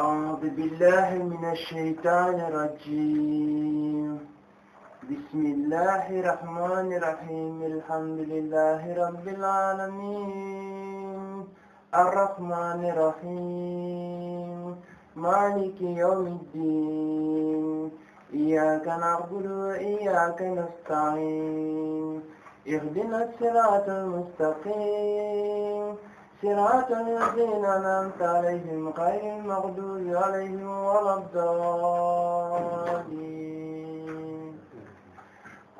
أعوذ بالله من الشيطان الرجيم بسم الله الرحمن الرحيم الحمد لله رب العالمين الرحمن الرحيم مالك يوم الدين إياك نعبد وإياك نستعين اهدنا الصراط المستقيم صراط الذين أنعمت عليهم غير المغضوب عليهم ولا الضالين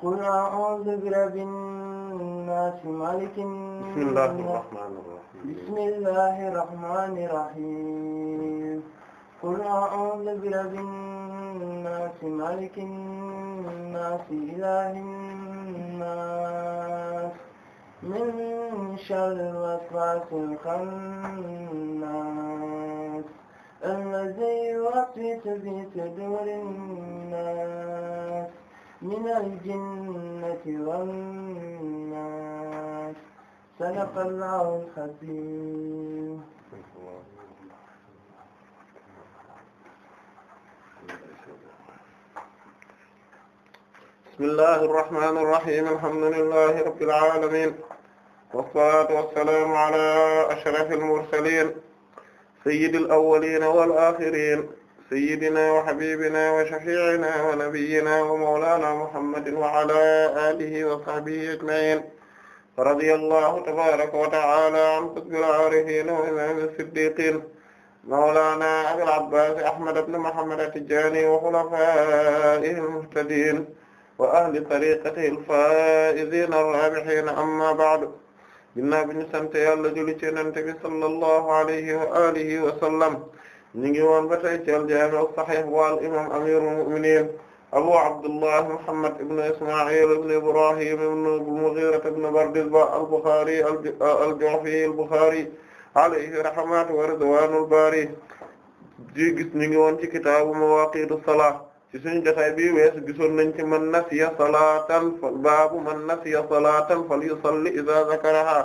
قل أعوذ برب الناس مالك بسم الله الرحمن الرحيم بسم الله الرحمن الرحيم قل أعوذ برب الناس مالك الناس إله الناس من شر الوسواس الخناس الذي يوسوس في صدور الناس من الجنة والناس صدق الله العظيم بسم الله الرحمن الرحيم الحمد لله رب العالمين wasalaatu wasalaamu ala ashrafil mursaliin sayyidil awwaliina wal aaxiriin sayyidinaa wa habiibinaa wa shafii'inaa wa nabiyinaa wa mawlaanaa muhammadin wa ala aalihi wa sahbihi ajma'iin wa radiyallahu tabaaraka wa ta'aalaa an qutbil aarifiin wa imaamil siddiqiin mawlaanaa abil abbaas ahmad ibn muhammad at-tijaani wa xulafaa'ihil muhtadiin wa ahli tariiqatihil faa'iziinar raabihiin amma ba'du ginnaaw bi ñu sant yàlla julli ci Yonent bi sallallahu alayhi wa alihi wa sallam ñu ngi woon ba tey ci al-Jaami' as-Sahih wal imam amirul mu'minin abu abdullah muhammad ibn isma'il ibn ibrahim ibn al-Mughira ibn Bardizbah al-Bukhari al-Ju'fi al-Bukhari alayhi rahmatu wa ridwanul bari ji gis ñu ngi woon ci kitaabu mawaaqiitu salaat ci suñu jotaay bi weesu gisoon nañ ci man nasiya salaatan fa baabu man nasiya salaatan falyusalli iza zakaraha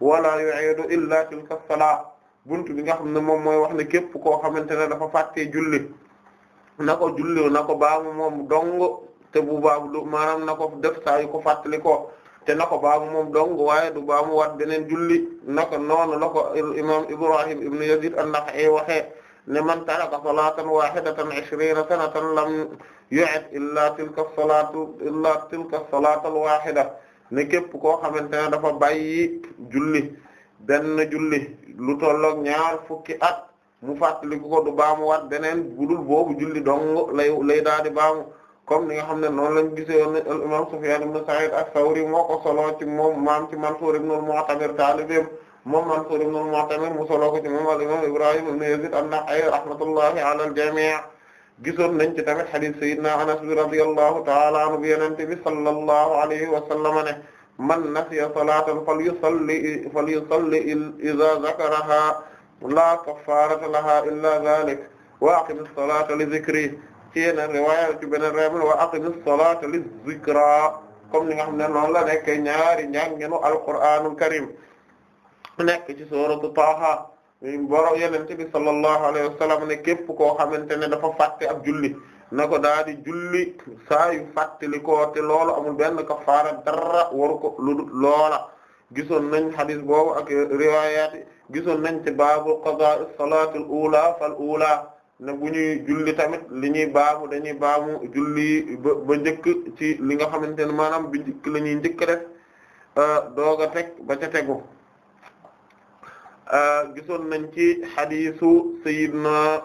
wala yu'idu illa tilka salaat buntu bi nga xam ne moom mooy wax ne képp koo xamante ne dafa fàttee julli nako ko julli na ko baamu moom dong te bu baabu du maanaam na ko def saa yu ko fàttali ko te na ko baamu moom dong waaye du baamu waat beneen julli naka noonu la imaam Ibrahim ibnu Yazid an-Nakha'i waxee ne man taraka salatan wahidatan ishrina sanatan lam yu'id illa tilka salatu illa tilka salata al wahida ne képp koo xamante ne dafa bàyyi julli benn julli lu tolloog ñaar fukki at mu fàttaliku ko du baamu waat beneen budul boobu julli dong lay lay di baamu comme ni nga xam ne noonu lañ gisoon al imam Sufyan ibn Sa'id sawri moo ko solo maam ci Mansur ibn al-Mu'tamir taalibim moom Mansuur ibn Mu'tamir mu solo ko ci moom al-imaam Ibrahim ibn Yazid an-Nakha'i rahmatullahi ala al-jamii' gisoon nañ ci tamit hadith Sayyidina Anas bi radiyallahu ta'ala anhu bi Yonent bi sallallahu alayhi wa sallam ne man nasiya salatan falyusalli falyusalli idha dhakaraha la kaffarata laha illa dhalik wa aqimi salata li dhikri ci yeneen riwaaya ci beneen riwaaya wa aqimi salata li dhikra comme ni nga xam ne noonu la nekk ñaari njànginu Alqur'aanul Karim nekk ci sooratu Taaha boro yenente bi sallallahu alayhi wa sallam ne képp koo xamante ne dafa fàtte ab julli na ko daal di julli saa yu fàttali ko te loolu amul benn kafaara dara waru ko lu loola gisoon nañ hadith boobu ak riwaayaat gisoon nañ ci baabu qadaa as-salaatu al-uula fal ne bu ñuy julli tamit li ñuy baamu dañuy baamu julli ba ba njëkk ci li nga xamante ne maanaam bi njëkk la ñuy def euh, doog a teg ba ca tegu Euh, gisoon nañ ci xadiisu sayidna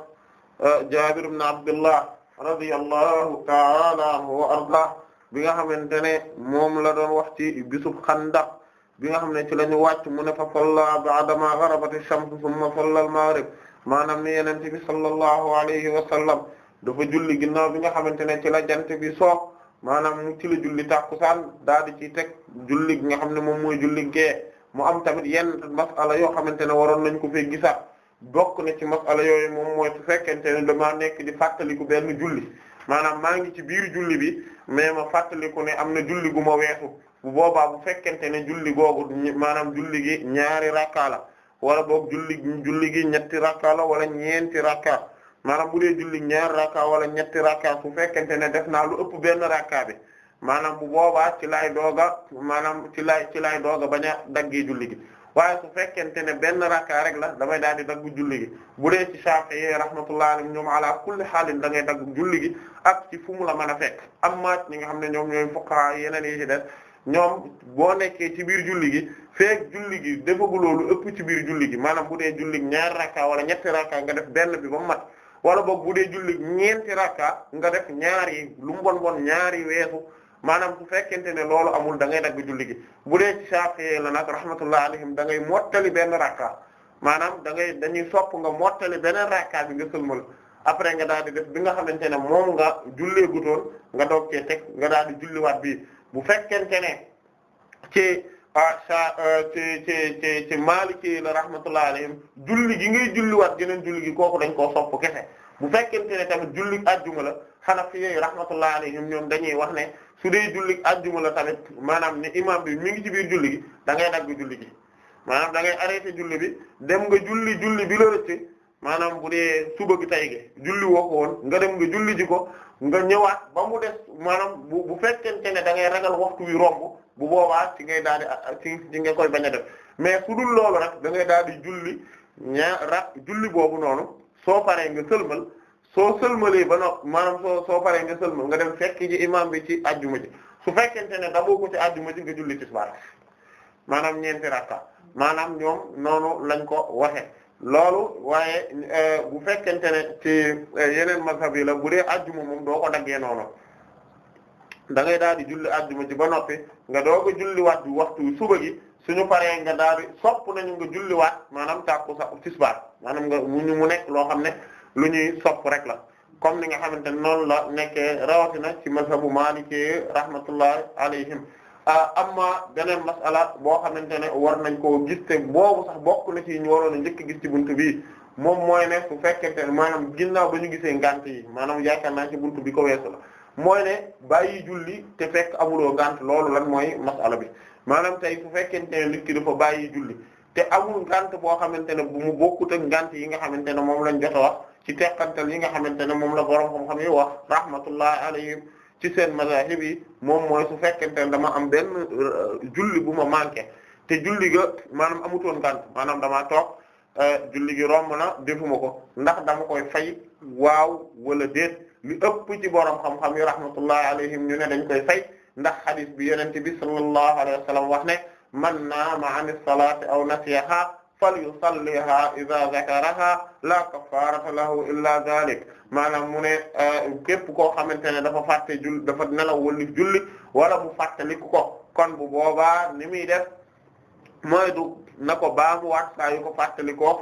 euh, Jaabir ibn Abdullah radiyallahu ta'ala anhu wa arda bi nga xamante ne moom la doon wax ci bisub Xandaq bi nga xam ne ci la ñu wàcc mu ne fa salla ba'dama gharabati shamsu thumma salla al-maghrib maanaam ni Yonent bi sallallahu alayhi wa sallam dafa julli ginnaaw bi nga xamante ne ci la jant bi soog maanaam mu ci la julli tàkkusaan daal di ci tek julli bi nga xam ne moom mooy julli gee mu am tamit yenn masala yoo xamante ne waroon nañ ko fee gisaat bokk na ci masala yooyu moom mooy su fekkente ne dama nekk di fàttaliku benn julli maanaam maa ngi ci biir julli bi mais ma fàttaliku ne am na julli gu ma weesu bu boobaa bu fekkente ne julli googu maanaam julli gi ñaari rakka la wala boog julli julli gi ñetti rakka la wala ñeenti rakka maanaam bu dee julli ñaari rakka wala ñetti rakka su fekkente ne def naa lu ëpp benn rakka bi maanaam mu boobaa ci laay dooga maanaam ci laay ci laay dooga bañ a daggee julli gi waaye su fekkente ne benn rakka rek la damay daal di dagg julli gi bu dee ci Shafi'i rahmatullahi alayhim ñoom ala kulli da ngay dagg julli gi ak ci fu mu la man a fekk amma ñi nga xam ne ñoom ñooy fuqaha yeneen yi ci des ñoom boo nekkee ci biir julli gi feek julli gi defagu loolu ëpp ci biir julli gi maanaam bu dee julli ñaar rakka wala ñetti rakka nga def benn bi ba mu mat wala boog bu dee julli ñeenti rakka nga def ñaari lu mu bon ñaari weesu maanaam bu fekkente ne loolu amul da ngay dagg julli gi bu dee ci Shafi'i la nag rahmatullah alayhim da ngay mottali benn rakka maanaam da ngay dañuy sopp nga mottali beneen rakka bi nga sëlmal après nga daal di def bi nga xamante ne moom nga jullee gutoon nga doog cee teg nga daal di julliwaat bi bu fekkente ne ci ah, sa euh, ci ci ci ci Maliki la rahmatullah alayhim julli gi ngay julliwaat geneen julli gi kooku dañ koo sopp kese bu fekkente ne tamit julli ajjuma la Hanafi yi rahmatullah alayhim dañuy wax ne su dee julli ajjuma la tamit maanaam ne imam bi mi ngi ci biir julli gi da ngay dagg julli gi maanaam da ngay arrêté julli bi dem nga julli julli bi la rëcc maanaam bu dee suba gi tay gi julli woo woon nga dem nga julli ji ko nga ñëwaat ba mu des maanaam bu bu fekkente ne da ngay ragal waxtu wi romb bu boobaa ci ngay daal di ci nga koy bañ a def mais su dul loolu rek da ngay daal di julli ñaa ra julli boobu noonu soo paree nga sëlmal soo sëlmalee ba no maanaam soo paree nga sëlmal nga dem fekk ji imam bi ci ajjuma ji su fekkente ne daboo ko ci ajjuma ji nga julli tisbaar maanaam ñeenti rakka maanaam ñoom noonu lañ ko waxe loolu waaye eh, bu fekkente ne ci eh, yeneen mazhab yi la bu dee ajjuma moom doo ko daal di julli ajjuma ji ba noppi nga doo ko julliwaat bi waxtu suba gi suñu paree nga daal di sopp nañu nga julliwaat maanaam tàkku sa tisbaar maanaam nga mu ñu mu nekk loo xam ne lu ñuy sopp rek la comme ni nga xamante ne noonu la nekkee rawatina ci mazhabu Maliki rahmatullahi alayhim ah, amma beneen masala boo xamante ne war nañ koo gis te boobu sax bokk ñu waroon a njëkk gis ci bunt bi moom mooy ne su fekkente ne maanaam ginnaaw ba ñu gisee ngant yi maanaam yaakaar naa ci bunt bi ko weesu la mooy ne bàyyi julli te fekk amuloo ngant loolu lan mooy masala bi maanaam tey su fekkente ne nit ki dafa bàyyi julli te amul ngant boo xamante ne bu mu bokkut ak yi nga xamante ne moom lañ jot a wax ci teqantal yi nga xamante ne moom la borom xam-xam yi wax rahmatullahi alayhim ci seen mazahib yi moom mooy su fekkente ne dama am benn euh, julli bu ma manqué te julli ga maanaam amutoon ngànt maanaam damaa e euh, julli gi romb na defuma ko ndax dama koy fay waaw wala déet li ëpp ci borom xam-xam yi rahmatullahi alayhim ñu ne dañ koy fay ndax hadith bi yonent bi sallallahu alayhi wa wax ne man naama an salaati aw nasiyaha falyusalliha idha zakaraha la kaffarata lahu illa dhalik maanaam mu ne euh, képp koo xamante ne dafa fàtte jul dafa nelaw wallif julli wala mu fàttalik ko kon bu boobaa ni muy def mooy du na ko baamuwaat saa yu ko fàttalikoo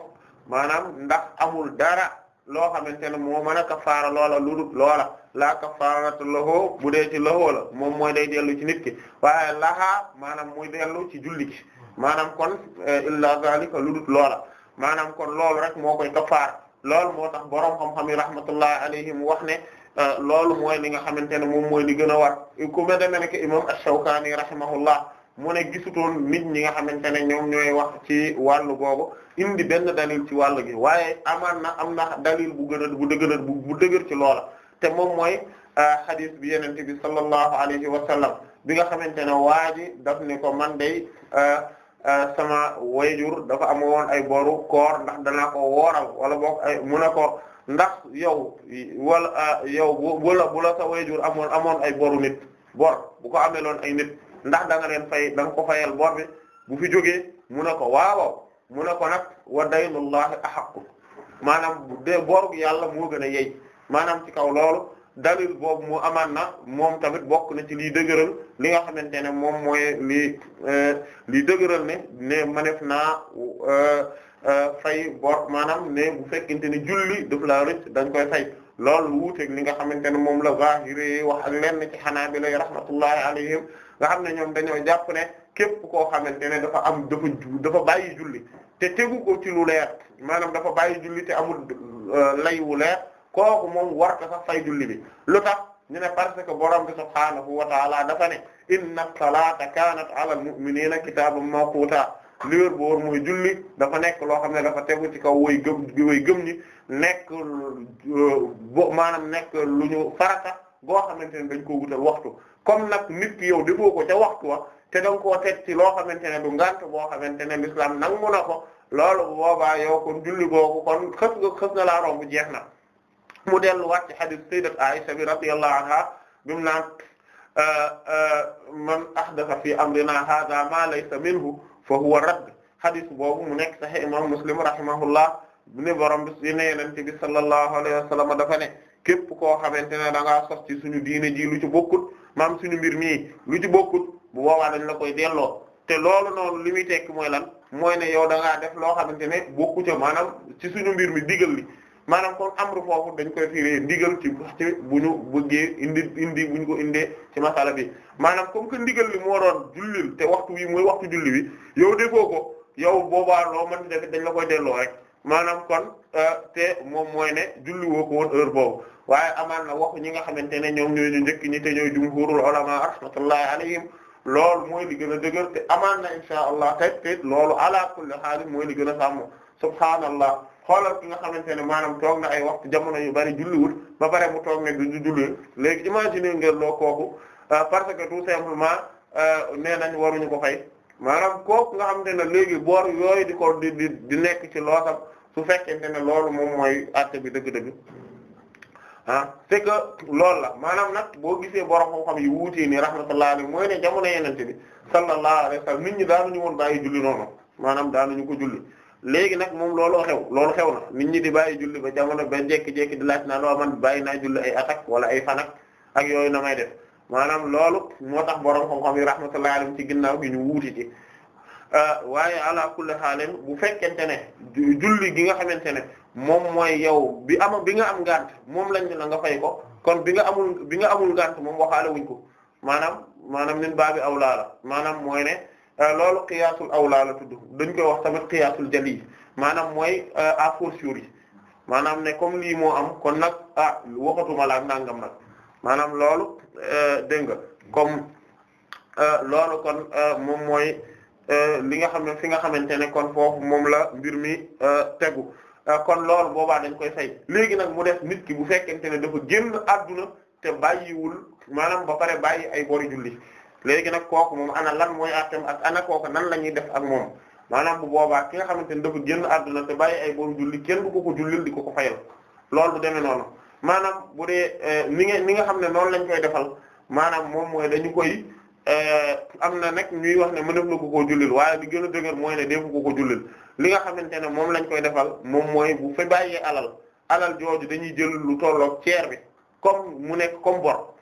maanaam ndax amul dara loo xamante ne moo mën a kafaara loola ludut loola la kafaarata lahu bu dee ci lahoo la moom mooy day dellu ci nit ki waaye laxaa maanaam muy dellu ci julli gi maanaam kon eh, illa zalika lu dut loola maanaam kon loolu rek moo koy kafaar loolu moo tax borom xam-xam yi rahmatullah wax ne eh, loolu mooy li nga xamante ne moom mooy li gën a war ku mel ne que imam ash-Shawkani rahimahullah mu ne gisutoon nit ñi nga xamante ne ñoom ñooy wax ci wàllu boobu indi benn dalil ci wàll gi waaye amaan na am na dalil bu gën a bu dëgër bu dëgër ci loola te moom mooy eh, xadis bi yenente bi sallallahu alayhi wa sallam bi nga xamante ne waa ji daf ne ko man day Euh, sama way jur dafa am ay boru koor ndax danaa ko wooral wala boog mu ne ko ndax yow wala euh, yow bu la bu la sa wayjur amoon amoon ay boru nit bor bu ko amee loon ay nit ndax danga nga leen fay da nga ko fayal bor bi bu fi jógee mu ne ko waawaw mu ne ko nag wa daynullahi ahaqqu maanaam bu dee bor bi yàlla moo gën a yey maanaam ci kaw loolu dalil boobu mu amaan na moom tamit bokk na ci lii dëgëral li nga xamante ne moom mooy li euh, liy dëgëral ne ne manef naa euh, euh, fay bor maanaam ne bu fekkente ne julli daf laa rëcc dañ koy fay loolu wuuteeg li nga xamante ne moom la zahiri wax ak lenn ci xanaabila rahmatullahi alayhim nga xam ne ñoom dañoo jàpp ne képp koo xamante ne dafa am dafa dafa bàyyi julli te tegu ko ci lu leer maanaam dafa bàyyi julli te amul lay wu leer kooku moom war ko sax fay julli bi lu tax ñu ne parce que borom bi subhaanahu wa taala dafa ne inna salaata kaanat ala al-mu'miniina kitaaban mawquuta liwér boor mooy julli dafa nekk loo xam ne dafa tegu ci kaw woy gëm woy gëm ñi nekk bo maanaam nekk lu ñu farata goo xamante ne dañ ko wutal waxtu comme nag nit ki yow defoo ko ca waxtu wa te danga koo teg ci loo xamante ne du ngant boo xamante ne l'islam nangu na ko loolu boobaa yow kon julli googu kon xës nga xës na laa romb jeex na mu delluwaat ci hadith sayyidat Aisha bi radiyallahu anha bi mu naan man ahdatha fi amrina hadha ma laysa minhu fa huwa radd hadith boobu mu nekk sahih imam Muslim rahimahullah ne borom bi ne yonent bi sallallahu alayhi wa sallam dafa ne képp koo xamante ne da ci suñu diine ji lu ci bokkut maam suñu mbir mii lu ci bokkut bu boobaa dañ la koy delloo te loolu noonu li muy tekki mooy lan mooy ne yow da ngaa def loo xamante ne bokku ca maanaam ci suñu mbir mi digal li maanaam kon amru foofu dañ koy firi ndigal ci ci bu ñu bëggee indi indi bu ko indee ci masala bi maanaam comme que ndigal li moo doon jullil te waxtu wi muy waxtu julli wi yow de ko yow boobaa loo mën def dañ la koy delloo rek maanaam kon euh, te moom mooy ne julli woo ko woon heure boobu waaye amaan na waxu ñi nga xamante ne ñoom ñoo ñu njëkk ñi te ñooy jumhurul ulama rahmatullahi alayhim loolu mooy li gën a dëgër te amaan na insha allah tey te loolu ala kulli haal mooy li gën a sàmm subhaanallah xoolal ki nga xamante ne maanaam toog na ay waxtu jamono yu bari julliwul ba pare mu toog ne du julli léegi imaginer ngeen loo kooku euh, parce que tout simplement euh, nee nañ waruñu ko fay maanaam kooku nga xamante na léegi boor yooyu di ko di di di nekk ci loosam su fekkee fekkente ne loolu moom mooy acte bi dëgg-dëgg ah c'est que loolu la maanaam nag boo gisee borom xam-xam yi wuutee ni rahmatullah alayhi mooy ne jamono yenente bi sallallahu alayhi wa sallam nit ñi ñu woon bàyyi julli noonu maanaam daanuñu ko julli léegi nag moom looloo xew loolu xew na nit ñi di bàyyi julli ba jamono ba jékki-jékki di laaj naa loo man bàyyi naa julli ay attaque wala ay fanak ak yooyu na may def maanaam loolu moo tax borom xam-xam yi rahmatullahi alayhim ci ginnaaw gi ñu wuuti ci euh, waaye ala kulli xaalim bu fekkente ne julli gi nga xamante ne moom mooy yow bi am bi nga am ngànt moom lañ la nga fay ko kon bi nga amul bi nga amul ngànt moom waxaale wuñ ko maanaam maanaam nin baa bi aw laala maanaam mooy ne Euh, loolu qiyaasul awlaa la tudd dañ koy wax tamit qiyaasul jali maanaam mooy euh, a fortiori maanaam ne comme lii moo am kon nag ah waxatuma la ak nangam nag maanaam loolu euh, dégg nga comme loolu kon moom mooy li nga xam ne fi nga xamante ne kon foofu moom la mbir mi tegu kon loolu boobaa dañ koy fay léegi nag mu def nit ki bu fekkente ne dafa génn adduna te bàyyiwul maanaam ba pare bàyyi ay bori julli léegi nag kooku moom ana lan mooy àttam ak ana kooku nan la ñuy def ak moom maanaam bu boobaa ki nga xamante ni dafa génn àdduna te bàyyi ay boobu julli kenn du ko ko jullil di ko ko fayal loolu du demee noonu maanaam bu dee eh, ni nga ni nga xam ne noonu lañ koy defal maanaam moom mooy dañu koy eh, am na nag ñuy wax ne mënef na ko koo jullil waaye li gën a dëgër mooy ne defu ko ko jullil li ne moom lañ koy defal moom mooy bu fa bàyyee alal alal jooju dañuy jël lu tolloog ceer bi comme mu nekk comme bor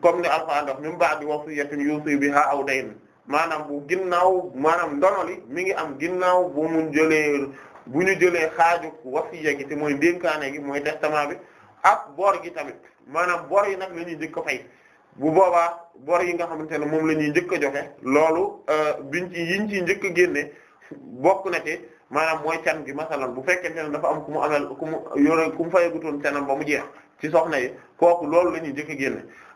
comme ni Alxuraan daf min ba'di wasiyatin yuusi bihaa aw dayn maanaam bu ginnaaw maanaam ndonoli mi ngi am ginnaaw bu mu jëlee bu ñu jëlee xaaju wasiya gi te mooy dénkaane gi mooy testament bi ak bor gi tamit maanaam bor yi nag la ñuy njëkk a fay bu boobaa bor yi nga xamante ne moom la ñuy njëkk a joxe loolu euh, biñ ci yiñ ci njëkk a génne bokk na ci maanaam mooy can gi masalan bu fekkente ne dafa am ku mu amel ku mu yore ku mu fayagutoon canam ba mu jeex ci soxna yi kooku loolu la ñuy njëkk a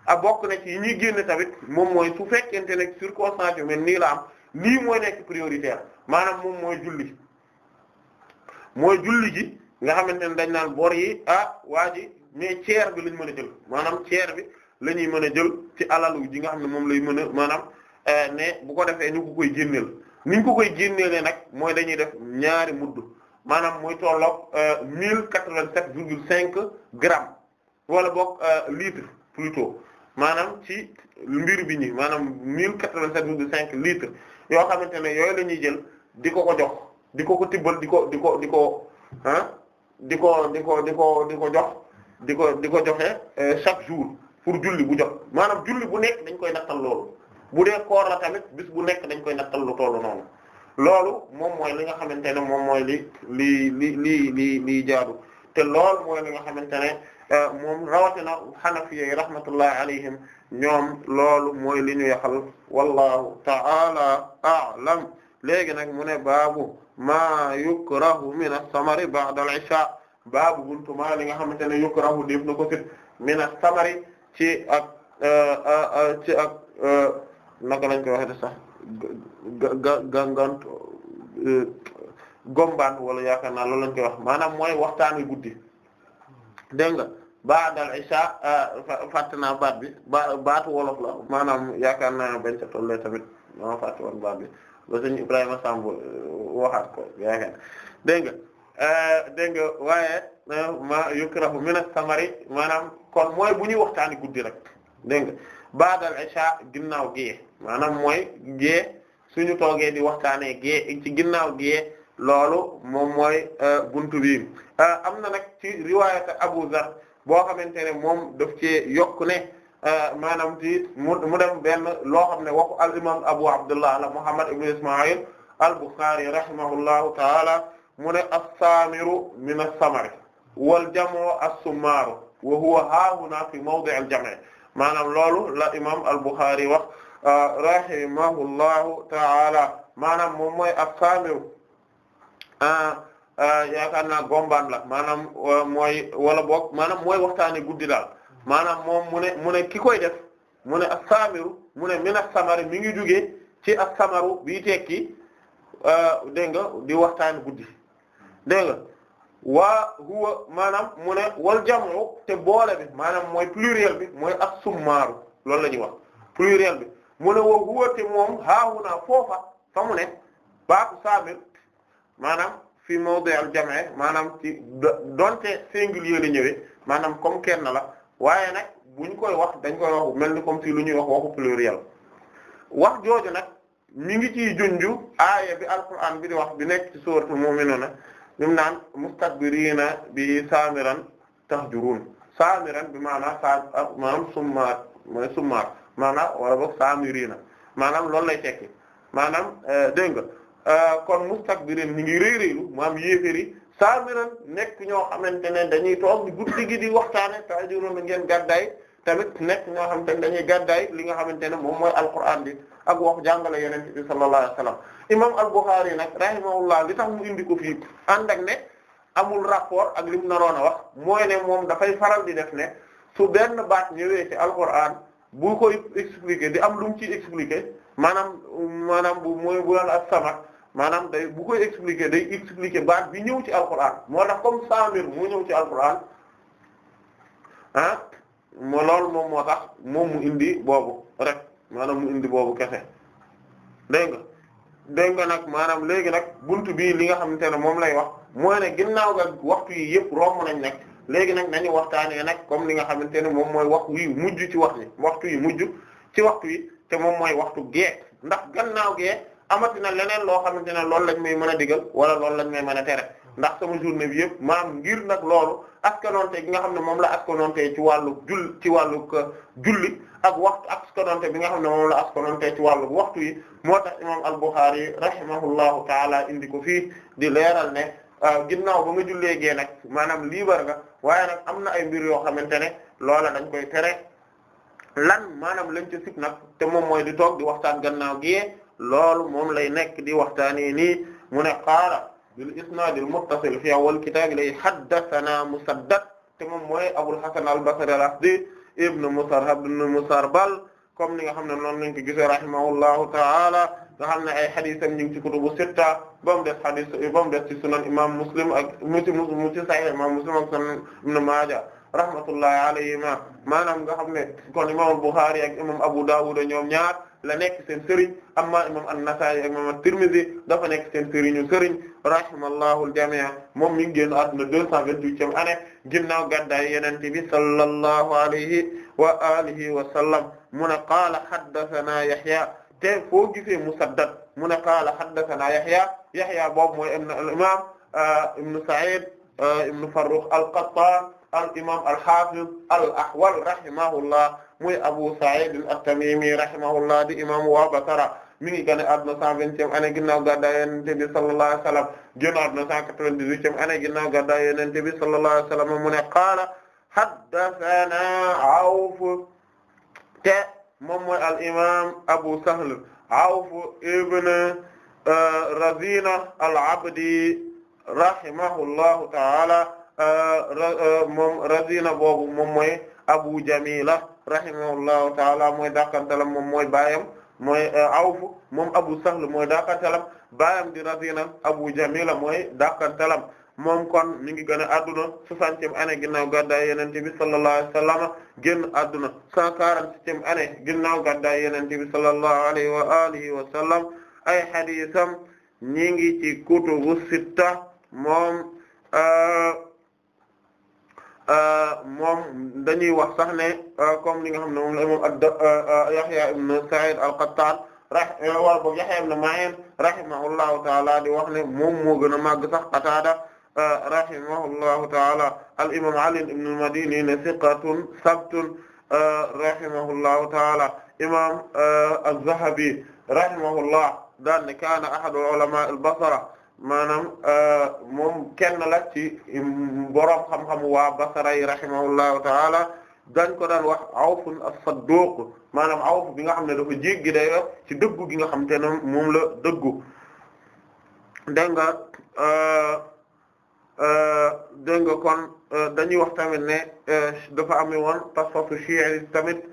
a bokk na ci yi ñuy génne tamit moom mooy su fekkente ne circonstance yu mel nii laa am lii mooy nekk prioritaire maanaam moom mooy julli mooy julli gi nga xamante ne dañ naan bor yi ah waa ji mais tiers bi lañ mën a jël maanaam tiers bi la ñuy mën a jël ci alalu ji nga xam ne moom lay mën a maanaam eh, ne bu ko defee ñu ko koy génneel ni ko koy génneelee nag mooy dañuy def ñaari mudd maanaam mooy tolloog eh, mille quatre-vingt-sept virgule cinq grammes wala boog eh, litre plutôt maanaam ci mbir bi ñi maanaam mille quatre-vingt-sept virgule cinq litres yoo xamante ne yooyu la ñuy jël di ko ko jox di ko ko tibbal di ko di ko di ko ah di ko di ko di ko di ko jox di ko di ko joxe euh, chaque jour pour julli bu jox maanaam julli bu nekk dañ koy nattal loolu bu dee koor la tamit bis bu nekk dañ koy nattal lu tollu noonu loolu moom mooy li nga xamante ne moom mooy li li li li li liy jaadu te lool mooy li nga xamante ne Euh, moom rawatina xanafiye rahmatullahi alayhim ñoom loolu mooy li ñu yaxal wallahu ta'ala a'lam léegi nag mu ne baabu maa yukrahu min as-samari ba'da al-isha baabu buntu maa li nga xamante ne yukrahu def na ko sit min as-samari ci ak euh, euh, ci ak naka lañ koy waxee sax ga gàngant gombaan wala yaakaar naa loolu lañ koy wax maanaam mooy waxtaan wi guddi dégg nga ba'dal isha ah, fàtte naa baat bi ba baatu wolof la maanaam yaakaar naa bañ sa tamit dama fàtte woon baat bi ba sëñ Ibrahima Samb eh, waxaat ko yaakaar eh, dégg nga waaye eh, ma yukrahu min as-samari maanaam kon mooy bu ñuy waxtaani guddi rek dégg nga ba'dal isha ginnaaw gée maanaam mooy gée suñu toogee di waxtaane gée ginnaaw gée loolu moom mooy buntu bi Euh, am na nag ci riwaayata Abu Zar boo xamante ne moom daf cee yokk ne euh, maanaam ci mu mu dem benn loo xam ne waxu al imam Abu Abdullah la Muhammad ibn Isma'il al-Bukhari rahimahullahu taala mu ne as-saamiru min as-samari wal jamu as-summaaru wa huwa haahuna fi mawdi' al-jam' maanaam loolu la imam al-Bukhari wax euh, rahimahullahu taala maanaam moom mooy as-saamiru Ah, yaakaar naa gombaan la maanaam mooy wala boog maanaam mooy waxtaane guddi daal maanaam moom mu ne mu ne ki koy def mu ne as-samiru mu ne min as mi ngi jugee ci as-samaru bi tekki ah, dégg nga di waxtaan guddi dégg nga waa huwa maanaam mu ne wal jam'u te boole bi maanaam mooy pluriel bi mooy as-summaru loolu la ñuy wax pluriel bi mu ne wa huwa te moom haahunaa foofa fa mu ne baatu saamir maanaam fi mawdi' al-jam' maanaam ci donte singulier la ñëwee maanaam comme kenn la waaye nag bu ñu koy wax dañ koy wax mel ni comme si lu ñuy wax waxu pluriel wax jooju nag mi ngi ci junju aaya bi alquran bi di wax bi nekk ci sourate mu'minuna mi mu naan mustakbirina bi tax tahjurun saamiran bi maanaam sa maanaam summaat mooy summaat maanaam wala boog saamirina maanaam loolu lay tekki maanaam eh, dégg nga Euh, kon mustakbirin ñu ngi réeréeru maam yéeféri saamiran nekk ñoo xamante ne dañuy toog guddi gi di waxtaane tajuroon ngeen gàddaay tamit nekk ñoo xamante ne dañuy gàddaay li nga xamante ne moom mooy alquran bi ak wax jàngale yeneen bi sallallahu alayhi wasallam imam al-Bukhari nag rahimahullah li tax mu indi ko fii ànd ak ne amul rapport ak li mu naroon a wax mooy ne moom dafay faral di def ne su benn baat ñëwee ci alquran bu koy expliquer di am lu mu ciy expliquer maanaam maanaam bu mooy bu al maanaam day bu koy expliquer day expliquer baat bi ñëw ci alquran moo tax kom Samir mu ñëw ci alquran ah mo loolu moom moo tax moom mu indi boobu rek maanaam mu indi boobu kese dégg nga dégg nga nag maanaam léegi nag bunt bi li nga xamante ne moom lay wax mooy ne ginnaaw ga waxtu yi yëpp romb nañ nag léegi nag nañu waxtaanee nag comme li nga xamante ne moom mooy wax yi mujj ci wax ni waxtu yi mujj ci waxtu yi te moom mooy waxtu gee ndax gannaaw gee amati na leneen loo xamante ne loolu lañ may mën a digal wala lool lañ may mën a tere ndax sama journée bi yëpp maam ngir nag loolu askanonte gi nga xam ne moom la askanonte ci wàllu jull ci wàllu euh, julli ak waxtu askanonte bi nga xam ne moom la askanonte ci wàllu waxtu yi moo tax imam al-Bukhari rahimahullahu taala indi ko fii di leeral ne euh, ginnaaw ba nga jullee gee nag maanaam liibar nga waaye nag am na ay mbir yoo xamante ne loola dañ koy tere lan maanaam lañ ci sib te moom mooy di toog di waxtaan gannaaw giyee loolu moom lay nekk di waxtaanee nii mu ne qaala bil isnaadil muttasil fi awwal kitaab lay haddathana Musaddad te moom mooy Abul Hasan al-Basri al-Asdi ibn Musarhab ibn Musarbal comme ni nga xam ne noonu lañ ko gisee rahimahullahu ta'ala nga xam ne ay xadisam ñu ngi ci kutubu sitta ba mu des xadis ba mu des ci sunan imam Muslim ak mu ci mu ci Sahih imam Muslim ak sunan Ibn Maaja rahmatullahi alayhima maanaam nga xam ne kon imam Bukhari ak imam Abu Dawud ñoom ñaar la nekk seen sëriñ amma imam An-Nasa'i ak imam At-Tirmidhi dafa nekk seen sëriñu sëriñ rahimallahu al-jami' moom mi ngi génn àdduna deux cent vingt-huitième année ginnaaw gàddaay Yonent bi sallallahu alayhi wa alihi wa sallam mu ne qaala haddathana Yahya te foo gisee Musaddad mu ne qaala haddathana Yahya Yahya boobu mooy ibn al-imam ah, ibn Sa'id ah, ibn Farrukh al-Qattan al imam al hafiz al ahwal rahimahullah muy abu sa'id at-tamimi rahimahullah di imam wa basara mi ngi gane àdduna cent vingtième année ginnaaw gàddaay yonent bi sallallahu alayhi wa sallam génn àdduna cent quatre-vingt-dix-huitième année ginnaaw gàddaay yonent bi sallallahu alayhi wa sallam mu ne qaala haddathana awf te moom mooy al imam abu sahl awf ibn eh, razina al abdi rahimahullahu ta'ala Euh, euh, moom razina boobu moom mooy Abu Jamila rahimahullahu taala mooy dàqantalam moom mooy baayam mooy euh, Awf moom Abu Sahl mooy dàqantalam baayam di razina Abu Jamila mooy dàqantalam moom kon mi ngi gën a adduna soixantième année ginnaaw gàddaay yonent bi sallallahu alayhi wa sallam génn adduna cent quarante-septième année ginnaaw gàddaay yonent bi sallallahu alayhi wa alihi wa ay hadisam ñi ngi ci kutubu sitta moom Euh, moom dañuy wax sax ne euh, comme li nga xam ne moom la imam ad euh, Yahya ibn Sa'id al-Qattan ra wala boog Yahya ibn Ma'in rahimahullahu taala di wax ne moom moo gën a màgg sax Qatada rahimahullahu taala al imam Ali ibn al-Madini ne thiqatun sabtun rahimahullahu taala imam az-Zahabi rahimahullah daan ne kaana ahadu ulama al-Basra maanaam euh, moom kenn la ci boroom xam-xamu waa Basra yi rahimahullahu taala dañ ko daan wax awfun as-sadduq maanaam awf bi nga xam ne dafa jéggi dayo ci dëggu gi nga xam te ne moom la dëggu dégg nga euh, euh, dégg nga kon dañuy wax tamit ne dafa amee woon tasfafu shi'ri tamit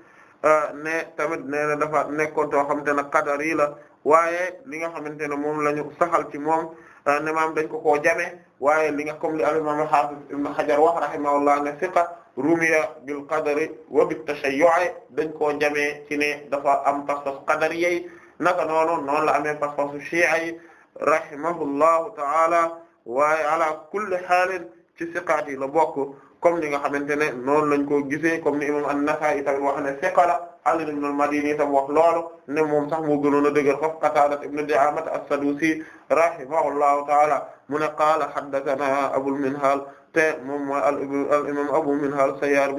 ne tamit ne na dafa nekkoon too xam te ne qadar la waaye li nga xamante ne moom la ñu saxal ci moom Euh, ne maam dañ ko koo jame waaye li nga comme li al-imam al-hafiz ibn hajar wax rahimahullah ne siqa rumiya bil qadari wa bit tashayyu'i dañ koo jamee ci ne dafa am pas-pas na yey naka noonu noonu la amee pas-pasu shi'a yi rahimahullahu ta'ala waaye ala kulli haalin ci siqaat yi la bokk comme li nga xamante ne noonu lañ ko gisee comme ni imam an-Nasa'i tamit wax ne siqa la Ali ibn al-Madini tam wax loolu ne moom sax moo gënoon a dëgër foofu Qataada ibn Di'aamata as-Sadusi rahimahullahu ta'ala mu ne qaala haddathanaa Abul Minhaal te moom mooy al imam Abu Minhaal Sayyaar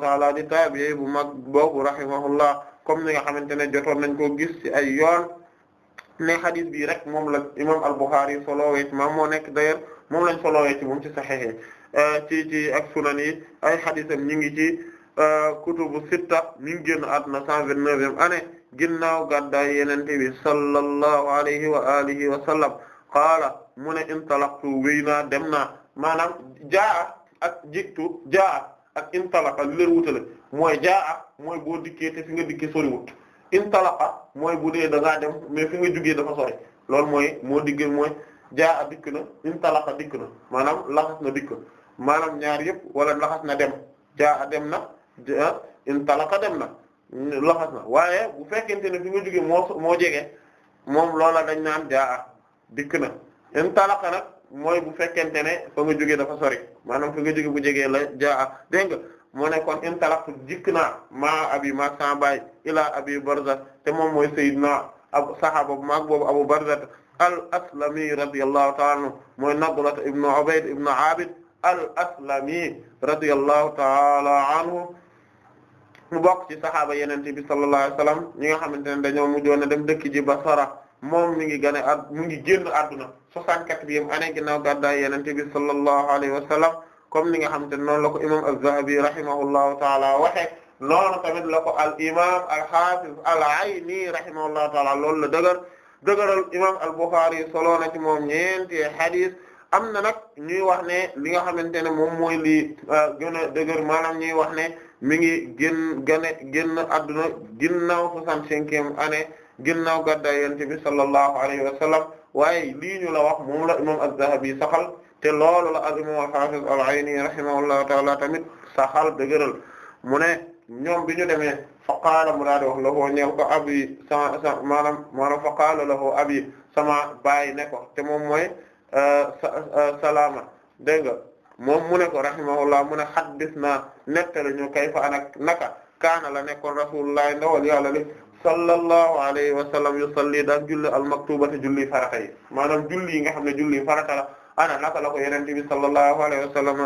ta'ala di taabi'i bu mag boobu rahimahullah comme ni nga xamante ne jotoon nañ ko gis ci ay yoon ne xadis bi rek moom la imam al-Bukhari solowee ci moom moo nekk d'ailleurs moom lañ solowee ci moom ci Sahih ci ci ak sunan ay xadisam ñu ngi ci. Euh, kutubu sitta mi ngi génn àdduna cent vingt-neuvième année ginnaaw gàddaay Yonent bi sallallahu alayhi wa alihi wa sallam qaala mu ne intalaqtu wéy naa dem naa maanaam jaa ak jiitu jaa ak intalaqa li leen wutale mooy jaa mooy boo dikkee te fi nga dikkee soriwut intalaqa mooy bu dee da ngaa dem mais fi nga jugee dafa sori loolu mooy moo diggee mooy jaa dikk na intalaqa dikk na maanaam laxas na dikk maanaam ñaar yëpp wala laxas na dem jaa dem na. intalaqa ah, dem na laxas na waaye bu fekkente ne fi nga jóge moo moo jege moom loola dañ naan jaa dikk na intalaqa nag mooy bu fekkente ne fa nga jóge dafa sori maanaam fa nga jóge bu jegee la jaa dégg nga moo ne kon intalaqtu dikk naa ma abi ma sanbay ila abi barza te moom mooy sayyidna abu sahaba bu maag boobu abu barza al aslami radiyallahu ta'ala anhu mooy nablat ibnu ubayd ibnu abid al aslami radiyallahu ta'ala anhu mu bokk ci saxaaba yenente bi sallallahu alayhi wasallam ñi nga xamante ne dañoo mujjoon a dem dëkk ji Basra moom mi ngi gën a mu ngi génn àdduna soixante-quatrième année ginnaaw gàddaay yenente bi sallallahu alayhi wasallam comme ni nga xam ne noon la ko imam az-Zahabi rahimahullahu taala waxe noonu tamit la ko al imam al-Hafiz al-Ayni rahimahullahu taala loolu la dëgër dëgëral imam al-Bukhari soloo na ci moom ñeenti hadith am na nag ñuy wax ne li nga xamante ne moom mooy li euh, gën a maanaam ñuy wax ne mi ngi génn gane génn adduna ginnaaw soixante-cinquième année ginnaaw gàddaay yonent bi sallallahu alayhi wa waaye lii la wax moom la imam az-Zahabi saxal te loolu la al imam al-Hafiz al-Ayni rahimahullahu ta'ala tamit saxal dëgëral mu ne ñoom bi ñu demee fa qaala mu daa di wax lahu ñeel ko abi sama sa maanaam maanaam fa qaala lahu abi baay ne te moom mooy euh, euh, salaama dégg moom mu ne ko rahimahullah mu ne haddisnaa nettali ñu kayfa ana naka kaana la nekkoon rasulullah ndawal yàlla li sallallahu alayhi wa sallam yusalli daan julli almaktubati julli farata yi maanaam julli yi nga xam ne julli farata la ana naka la ko yenente bi sallallahu alayhi wa sallam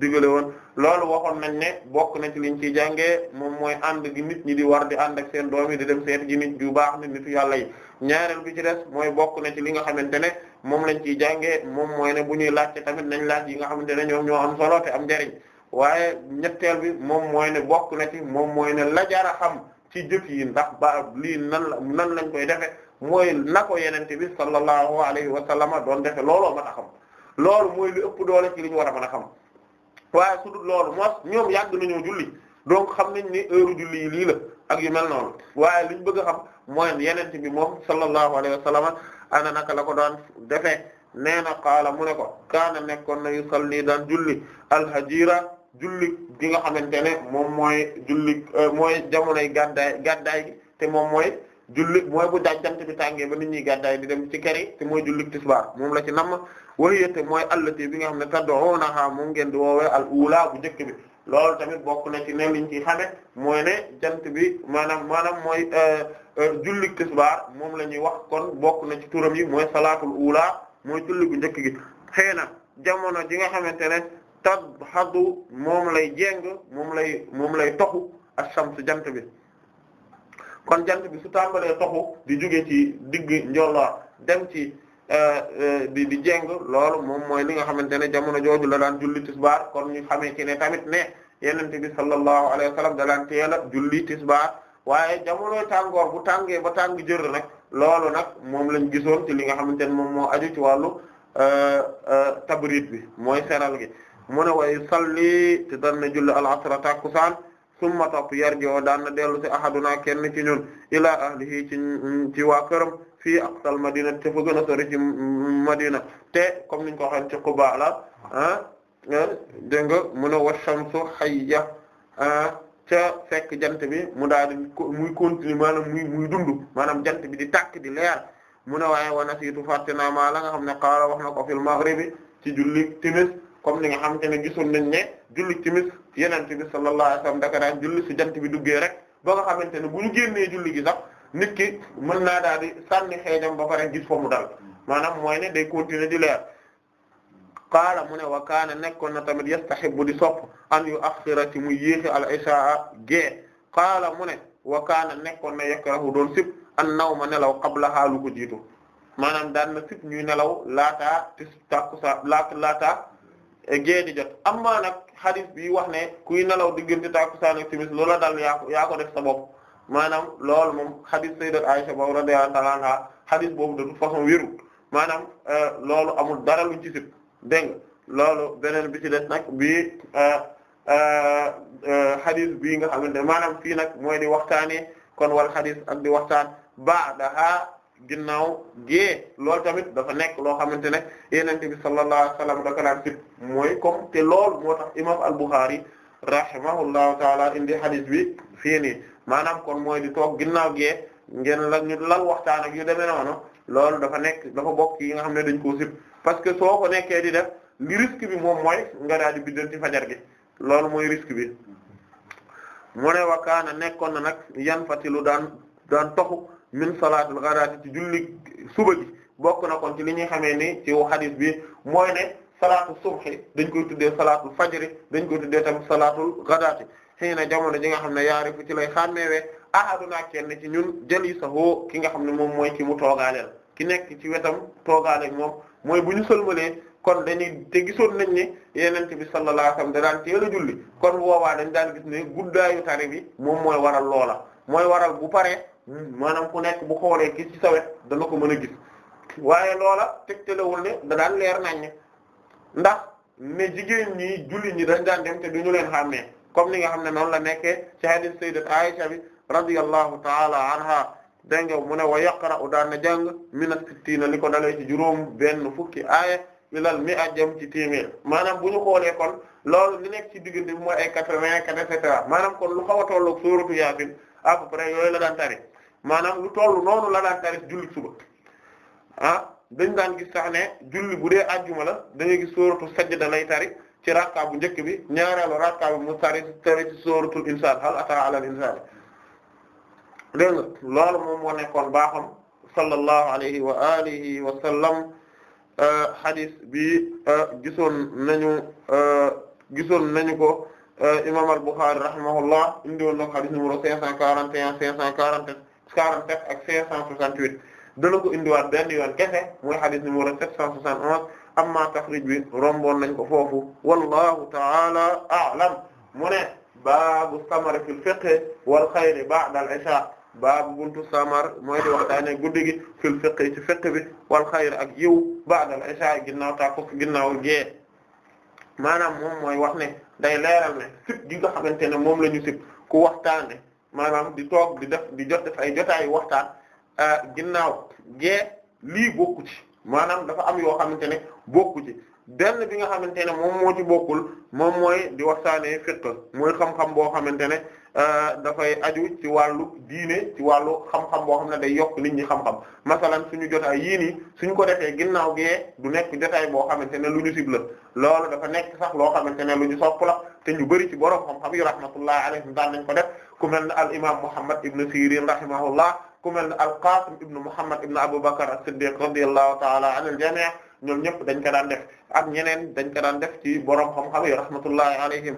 digale woon loolu waxoon nañ ne bokk na ci liñ ciy jàngee moom mooy ànd gi nit ñi di war di ànd ak seen doom yi di dem seet ji nit ju baax nit nitu yàlla yi ñaareel bi ci mooy bokk na ci li nga xamante ne moom lañ ciy jàngee moom mooy ne bu ñuy laajte tamit nañ laaj yi nga xamante ne ñoom ñoo am solo te am njariñ waaye ñetteel bi moom mooy ne bokk na ci moom mooy ne la jara xam ci jëf yi ndax ba lii nan la nan lañ koy defe mooy na ko yenente bi sallallahu alayhi wa sallama doon defe looloo mën a xam loolu mooy lu ëpp doole ci li ñu war a mën a xam waaye su dul loolu mos ñoom yàgg nañoo julli donc xam nañ ni heure julli lii la ak yu noonu waaye li ñu bëgg a xam mooy yenente bi moom sallallahu alayhi wa ana naka la ko daan defee nee na qaala mu ne ko kaana nekkoon na yusalli daan julli alhajira julli gi nga xamante ne moom mooy julli euh, mooy jamonoy gàddaay gàddaay gi te moom mooy julli mooy bu jant bi tàngee ba nu ñi gàddaay di dem ci kari te mooy julli tisbaar moom la ci namm waxiye te mooy allati bi nga xam ne tadduunaha moom ngeen di woowee al ula bu njëkk bi loolu tamit bokk na ci ne liñ ci xame mooy ne jant bi maanaam maanaam mooy euh, euh, julli tisbaar moom la ñuy wax kon bokk na ci turam yi mooy salaatul ula mooy julli gu njëkk gi xëy na jamono ji nga xamante ne tad xaddu moom lay jéng moom lay moom lay toxu ak samsu jant bi kon jant bi su tàmbalee toxu di jóge ci digg njolloor dem ci Euh, euh, di di jeng loolu moom mooy li nga xamante ne jamono jooju la daan julli tisbaar kon ñu xamee ci ne tamit ne yonent bi sallallahu alayhi wa sallam da daan teel a julli tisbaar waaye jamono tàngoor bu tàngee ba tàng jër nag loolu nag moom lañ gisoon ci li nga xamante ne moom moo aju ci wàllu euh, tabrid bi mooy seral gi mu ne way salli te daan na julli al-asra takusaan summa gi o daan na dellu ci ahaduna kenn ci ñun ilaa ahlihi ci waa këram fii aqsal madina te fa gën a sori ci madina te comme niñ ko waxee ci Quba la ah, ah dégg nga mun a wa shamsu hayya ah, ca fekk jant bi mu daal di muy continuer maanaam muy muy dund maanaam jant bi di tàkk di leer mun a waaye wana siitu fàtte naa maa la nga xam ne qaala wax na ko fil maghribi ci julli timis comme ni nga xam te ne gisoon nañ ne julli timis yenente bi sallallahu alayhi wasallam daka daan julli si jant bi duggee rek boo nga xamante ne bu ñu génnee julli gi sax nit ki mën naa daal di sànni xeejam ba pare gis fa mu dal maanaam mooy ne day continuer di leer qaala mu ne wa kaana nekkoon na tamit bu di sopp an yu axira ci muy yéexi al ishaa gee qaala mu ne wa kaana nekkoon na yakrahu doon sib an ma nelaw qabla xaalu ko jiitu maanaam daan na sib ñuy nelaw laata tis tàkkusaa laat laataa gée di jot amma nag xadis wax ne kuy nelaw diggante tàkkusaan ak timis loola dal yaa ko yaa ko def sa bopp maanaam lool moom hadith sayyidat Aisha boobu radiyallahu ta'ala anha hadith boobu de toute façon wéru maanaam euh, loolu amul dara luñ ci sib loolu beneen bi ci des nag bi hadith euh, euh, bii nga xamante maanaam fii nag mooy di waxtaanee kon wal hadith ak di waxtaan ba'daha ginnaaw gée loolu tamit dafa nekk loo xamante ne yenente bi sallallahu alayhi wasallam daka daan sib mooy comme te loolu moo tax imam al-Bukhari rahimahullahu taala indi hadith bi fii maanaam kon mooy di toog ginnaaw gee ngeen la ñu lal waxtaan ak yu demee noonu loolu dafa nekk dafa bokk yi nga xam ne dañ ko sib parce que soo ko nekkee di def li risque bi moom mooy nga daal bi biddal ci fajar gi loolu mooy risque bi mu ne wakaana nekkoon na nag yan fatilu daan daan toxu min salaatul ghadaati ci julli suba gi bokk na kon ci li ñuy xamee ni ci hadith bi mooy ne salaatu dañ koy tuddee salaatul fajri dañ koy tuddee tamit salaatul ghadaati xëy na jamono ji nga xam ne yaarifu ci lay xàmmeewee ahadunaa kenn ci ñun jëli sahoo ki nga xam ne moom mooy ki mu toogaaleel ki nekk ci wetam toogaaleeg moom mooy bu ñu sëlmalee kon dañuy te gisoon nañ ne yenente bi sallallahu alayhi wasallam da daan teel a julli kon boobaa dañ daan gis ne guddaayu tari bi moom mooy waral loola mooy waral bu pare maanaam ku nekk bu xoolee ki ci sa wet dana ko mën a gis waaye loola telewul ne da daan leer nañ ndax ne jigéen ñi julli ñi dañ daan dem te duñu leen xàmmee comme ni nga xam ne noonu la nekkee ci hadith sayyidat Aisha bi radiyallahu ta'ala anha dégg mu ne wa yaqra'u daan na jàng na sittiina li ko dalee ci juróom benn fukki aaya ilal mi a jëm ci téeméer maanaam bu ñu xoolee kon loolu li nekk ci diggante moo mooy ay quatre-vingts et cetera maanaam kon lu xaw a tolloog suuratu Yaasin à la daan tari maanaam lu toll noonu la daan tari julli suba ah dañ daan gis sax ne julli bu dee ajjuma la da ngay gis suuratu Sajda lay tari ci rakka bu njëkk bi ñaareelu rakka bi mu tari tari ci sóoratul insaan hal ataa alal insaan dégg nga loolu moom moo baaxam sallallahu alayhi wa alihi wa sallam bi gisoon nañu gisoon nañu ko imam al-Bukhari rahimahullah indi woon nag hadith numéro 541 547 47 ak 568 dana ko indiwaat benn yoon kese mooy hadith numéro 771 amma taxrij bi romboon nañ ko foofu wallahu taala a'lam mu ne baabu samar fil fiqh wal xayri ba'da al isha baabu buntu samar mooy di waxtaane guddi gi fil fiqh ci fiqh bi wal xayri ak yiw ba'da al isha ginnaaw taako ginnaaw gee maanaam moom mooy wax ne day leeral ne sib gi nga xamante ne moom la ñu sib ku waxtaane maanaam di toog di def di jot def ay jotaayu waxtaan ah, ginnaaw gee lii bokku maanaam dafa am yoo xamante ne bokku ci benn bi nga xamante ne moom moo ci bokkul moom mooy di waxtaanee fiqh mooy xam-xam boo xamante ne euh, dafay aju ci wàllu diine ci wàllu xam-xam boo xam ne day yokk nit ñi xam-xam masalan suñu jotaay yii nii suñ ko defee ginnaaw gee du nekk jotaay boo xamante ne lu ñu sib la loolu dafa nekk sax loo xamante ne lu ñu sopp la te ñu bëri ci boroom xam-xam yu rahmatullahi alayhim daan nañ ko def ku mel ne al imam Muhammad ibn Sirin rahimahullah ku mel ne al Qasim ibn Muhammad ibn Abubakar as-Siddiq radiyallahu ta'ala anil jami' ñoo ñëpp dañ ko daan def ak ñeneen dañ ko def ci borom xam-xam yi rahmatullahi alayhim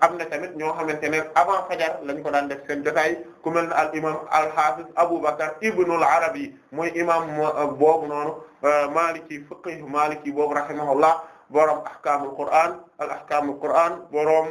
am na tamit ñoo xamante ne avant fajar lañ ko daan def seen jotaay ku mel ne al imam al hafiz Abubakar ibn al Arabi mooy imam euh, boobu noonu euh, maliki fiqh maliki boobu rahimahullah borom ahkamul Qur'an al ahkamul Qur'an borom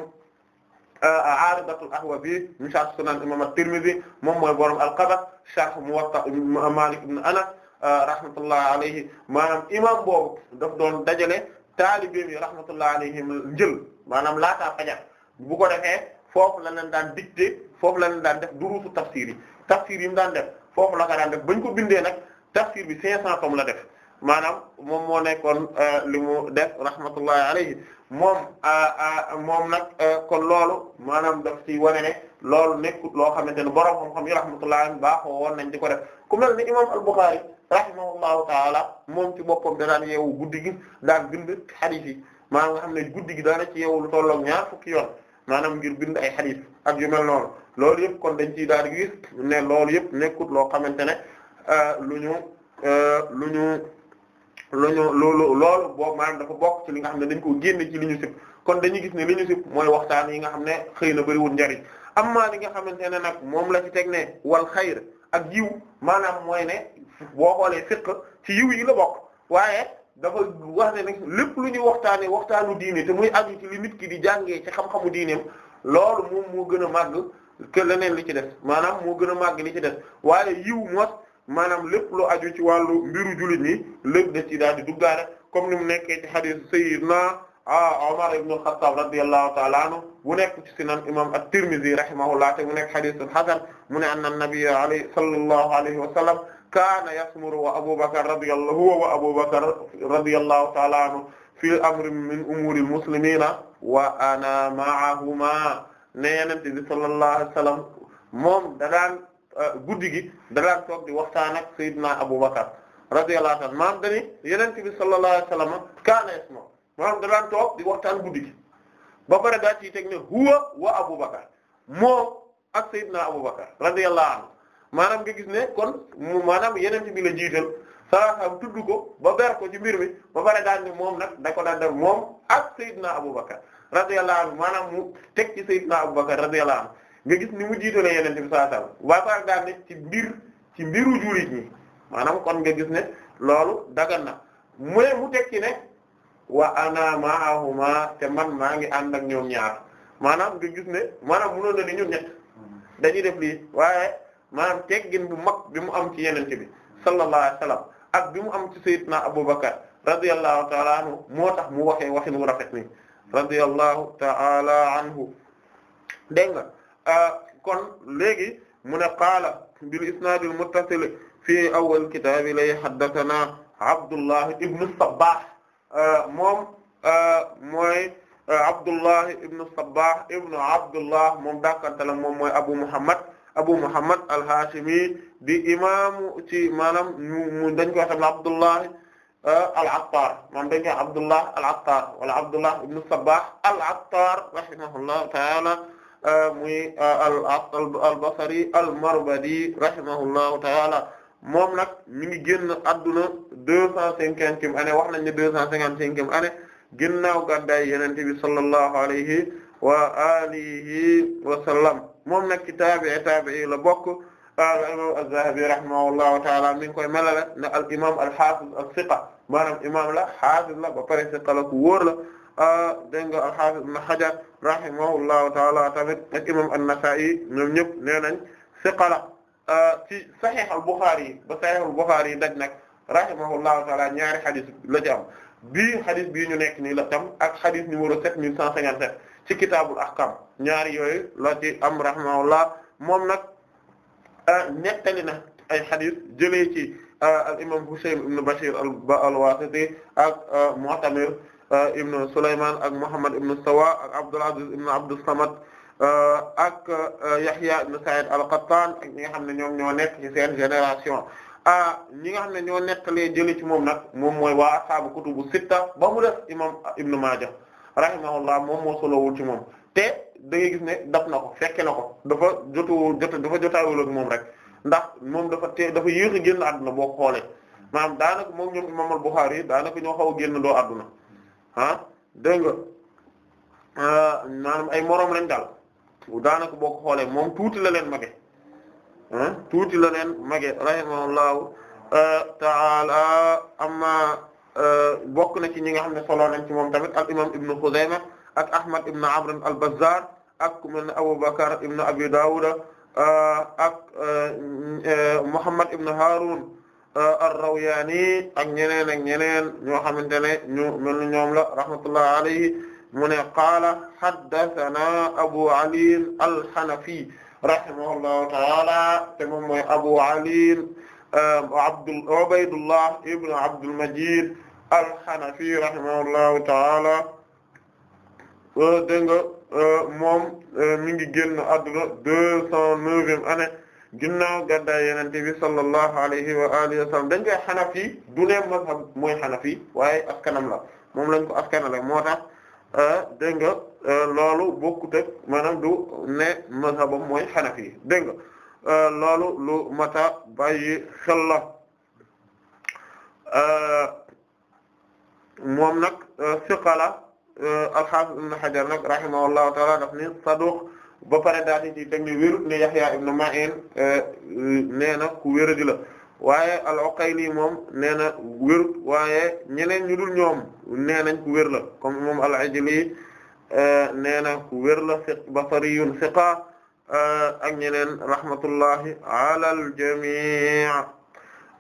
euh, aaridatul ahwa bi mishaat sunan imam at-Tirmidhi moom mooy borom al-Qabat sharh Muwatta Malik ibn Anas Ah, rahmatullah alayhi maanaam imam boobu daf doon dajale taalibeem yi rahmatullah alayhim njël maanaam laataa fajar bu ko defee foofu la leen daan dicté foofu la leen daan def duruusu tafsir yi tafsir yi mu daan def foofu la ko daan def bañ ko bindee nag tafsir bi 500 tomes la def maanaam moom moo nekkoon ah, li mu def rahmatullahi alayhi moom ah, moom nag kon loolu maanaam daf ci wane ne loolu nekkut loo xamante ne borom xam-xam yi rahmatullahi baaxoo woon nañ di ko def ku mel ni imam al rahimahullahu taala moom ci boppam danaan yeewu guddi gi daan bind xadis yi maa nga xam ne guddi gi daana ci yeewu lu tolloog fukki yoon maanaam ngir bind ay xadis ak yu mel loolu yëpp kon dañ ciy daal di gis ne loolu yëpp nekkut loo xamante ne euh, lu euh, lu ñu lu ñu loolu loolu boobu maanaam dafa bokk li nga xam ne dañ ko génne ci li ñu sib kon dañuy gis ne li ñu mooy waxtaan yi nga xam ne xëy na bëriwul njariñ amma li nga xamante ne nag moom la ci teg ne wal xayr ak jiw maanaam mooy ne boo xoolee fiqh ci yiw yi la bokk waaye dafa wax ne nag lépp lu ñuy waxtaanee waxtaanu diine te muy aju ci li nit ki di jàngee ci xam-xamu diineem loolu moom moo gën a màgg que leneen li ci def maanaam moo gën a màgg li ci def waaye yiw mos maanaam lépp lu aju ci wàllu mbiru jullit ñi lépp da ci daal di duggaare comme ni mu nekkee ci hadith sayyidina ah Omar ibn al-Khattab radiyallahu ta'ala anhu bu nekk ci sunan imam at-Tirmidhi rahimahullah te mu nekk hadithul hasan mu ne anna an-nabiy alayhi sallallahu alayhi wa sallam kaana yasmuru wa abubakar radiyallahu huwa wa abubakar radiyallahu ta'ala anhu fi amrin min umuri muslimina wa ana ma'ahuma ne Yonent bi sallallahu alayhi wa sallam moom da daan euh, guddi gi da daan toog di waxtaan ak Seydina Abubakar radiyallahu anhu maam dañuy Yonent bi sallallahu alayhi wa sallam kaana yasma maam da daan toog di waxtaan guddi gi ba pare daa ciy teg ne huwa wa Abubakar moom ak Seydina Abubakar radiyallahu anhu maanaam nga gis ne kon mu maanaam yeneen bi la jiital salaam tudd ko ba ber ko ci mbir mi ba pare daan ne moom nag da ko daan def moom ak Seydina Aboubacar radiyallahu anhu maanaam mu teg ci Seydina Aboubacar radiyallahu am nga gis ni mu jiitale yeneen bi sallallahu alayhi wasallam waaye pare daan ne ci mbir ci mbiru jurit ñi maanaam kon nga gis ne loolu dagan na mu ne mu teg ci ne wa ana ma'ahuma te man maa ngi ànd ak ñoom ñaar maanaam nga gis ne maanaam mënoon na ni ñun ñett dañuy maanaam teggin bu mag bi mu am ci yenente bi sallallahu alayhi wa sallam ak bi mu am ci sayyidina Abubakar radiyallahu ta'ala anhu moo tax mu waxee waxin wu rafet ni radiyallahu ta'ala anhu dégg nga kon léegi mu ne qaala bil isnaadil muttasil fii awwal kitaab lay haddathana Abdullah ibn Sabbah moom mooy Abdullah ibn Sabbah ibn Abdullah moom dàkkantalam moom mooy Abu Muhammad Abu Muhammad al-Hashimi di imaamu ci maanaam mu dañ koy xam Abdullah euh, al-Attar maanaam dañ koy Abdullah al-Attar wala Abdullah ibn Sabbah al-Attar rahimahullahu ta'ala euh, muy euh, al-Basri al-Marbadi rahimahullahu ta'ala moom nag mi ngi génn adduna deux cent cinquantième année wax nañ ne deux cent cinquante-cinquième année ginnaaw gàddaay Yonent bi sallallahu alayhi wa alihi wa sallam moom nag ci taabi'i taabi'i la bokk al imam az-Zahabi rahimahullahu taala mi ngi koy melale ne al imam al hafiz as-siqa maanaam imam la hafiz la ba pare siqa la ku wóor la ah, dégg nga al hafiz ibn Hajar rahimahullahu taala tamit ak imam an-Nasa'i ñoom ñëpp nee nañ siqa la ah, ci sahih al-Bukhari yi ba sahih al-Bukhari yi daj nag rahimahullahu taala ñaari hadith la ci am bii hadith bii ñu nekk nii la tam ak hadith numéro 7157 ci kitaabul ahkam ñaari yooyu la ci am rahimahullah moom nag ah, nettali na ay xadis jëlee ci ah, al imam Husayn ibn Bashir al-Wasiti ak ah, Mu'tamir ibn Sulayman ak Muhammad ibn Sawa ak Abdul Aziz ibn Abdus Samad ak Yahya ibn Sa'id al-Qattan ak ñi nga xam ne ñoom ñoo nekk ci seen génération nga xam ne ñoo nettalee jëlee ci moom nag moom mooy waa ashaabu kutubu sitta ba mu def imam Ibn Maaja rahimahullah moom moo solowul ci moom te da ngay gis ne daf na ko fekke na ko dafa jotu jot dafa jotaawul ak moom rek ndax moom dafa te dafa yéex a génn àdduna boo xoolee maam daanaka moom ñoom imam al-Bukhari yi daanaka ñoo xaw a génn doo àdduna ah dégg ah, ay moroom lañ daal daanaka boo ko xoolee moom tuuti la leen mage ah tuuti la leen mage rahimahullahu ah, ta'ala Euh, bokk na ci ñi nga xam ne solo nañ ci moom tamit al imam ibnu Xuzayma ak Ahmad ibnu Amr al-Bazzar ak ku mel ne Abu Bakr ibnu Abi Dawud euh, ak euh, Muhammad ibnu Harun ar-Rawyani ak ñeneen ak ñeneen ñoo xamante ne ñu mel ni ñoom la rahmatullahi alayhi mu ne qaala haddathana Abu Ali al-Hanafi rahimahullahu ta'ala te moom mooy Abu Ali Abdul Ubaydullah ibn Abdul Majid al-Hanafi rahimahullahu ta'ala euh, dégg nga euh, moom euh, mi ngi génn àdduna deux cent neuvième année ginnaaw gàddaay Yonent bi sallallahu alayhi wa alihi wa dañ koy Hanafi du ne mazhab mooy Hanafi waaye askanam la moom lañ ko askanale moo tax dégg nga loolu bokkut ak maanaam du ne mazhabam mooy Hanafi dégg nga loolu lu mata bàyyi xel la moom nag siqala euh, euh, al-Hafiz ibn Hajar nag rahimahullahu taala daf ni saduq ba pare daal di ci teg ni wéru ne Yahya ibn Ma'in euh, nee na ku wéradi la waaye al-Uqayli moom nee na wérut waaye ñeneen ñu dul ñoom nee nañ ku wér la comme moom al-Ajli nee na ku wér la basariyun siqa ak ñeneen rahmatullahi ala al-jami'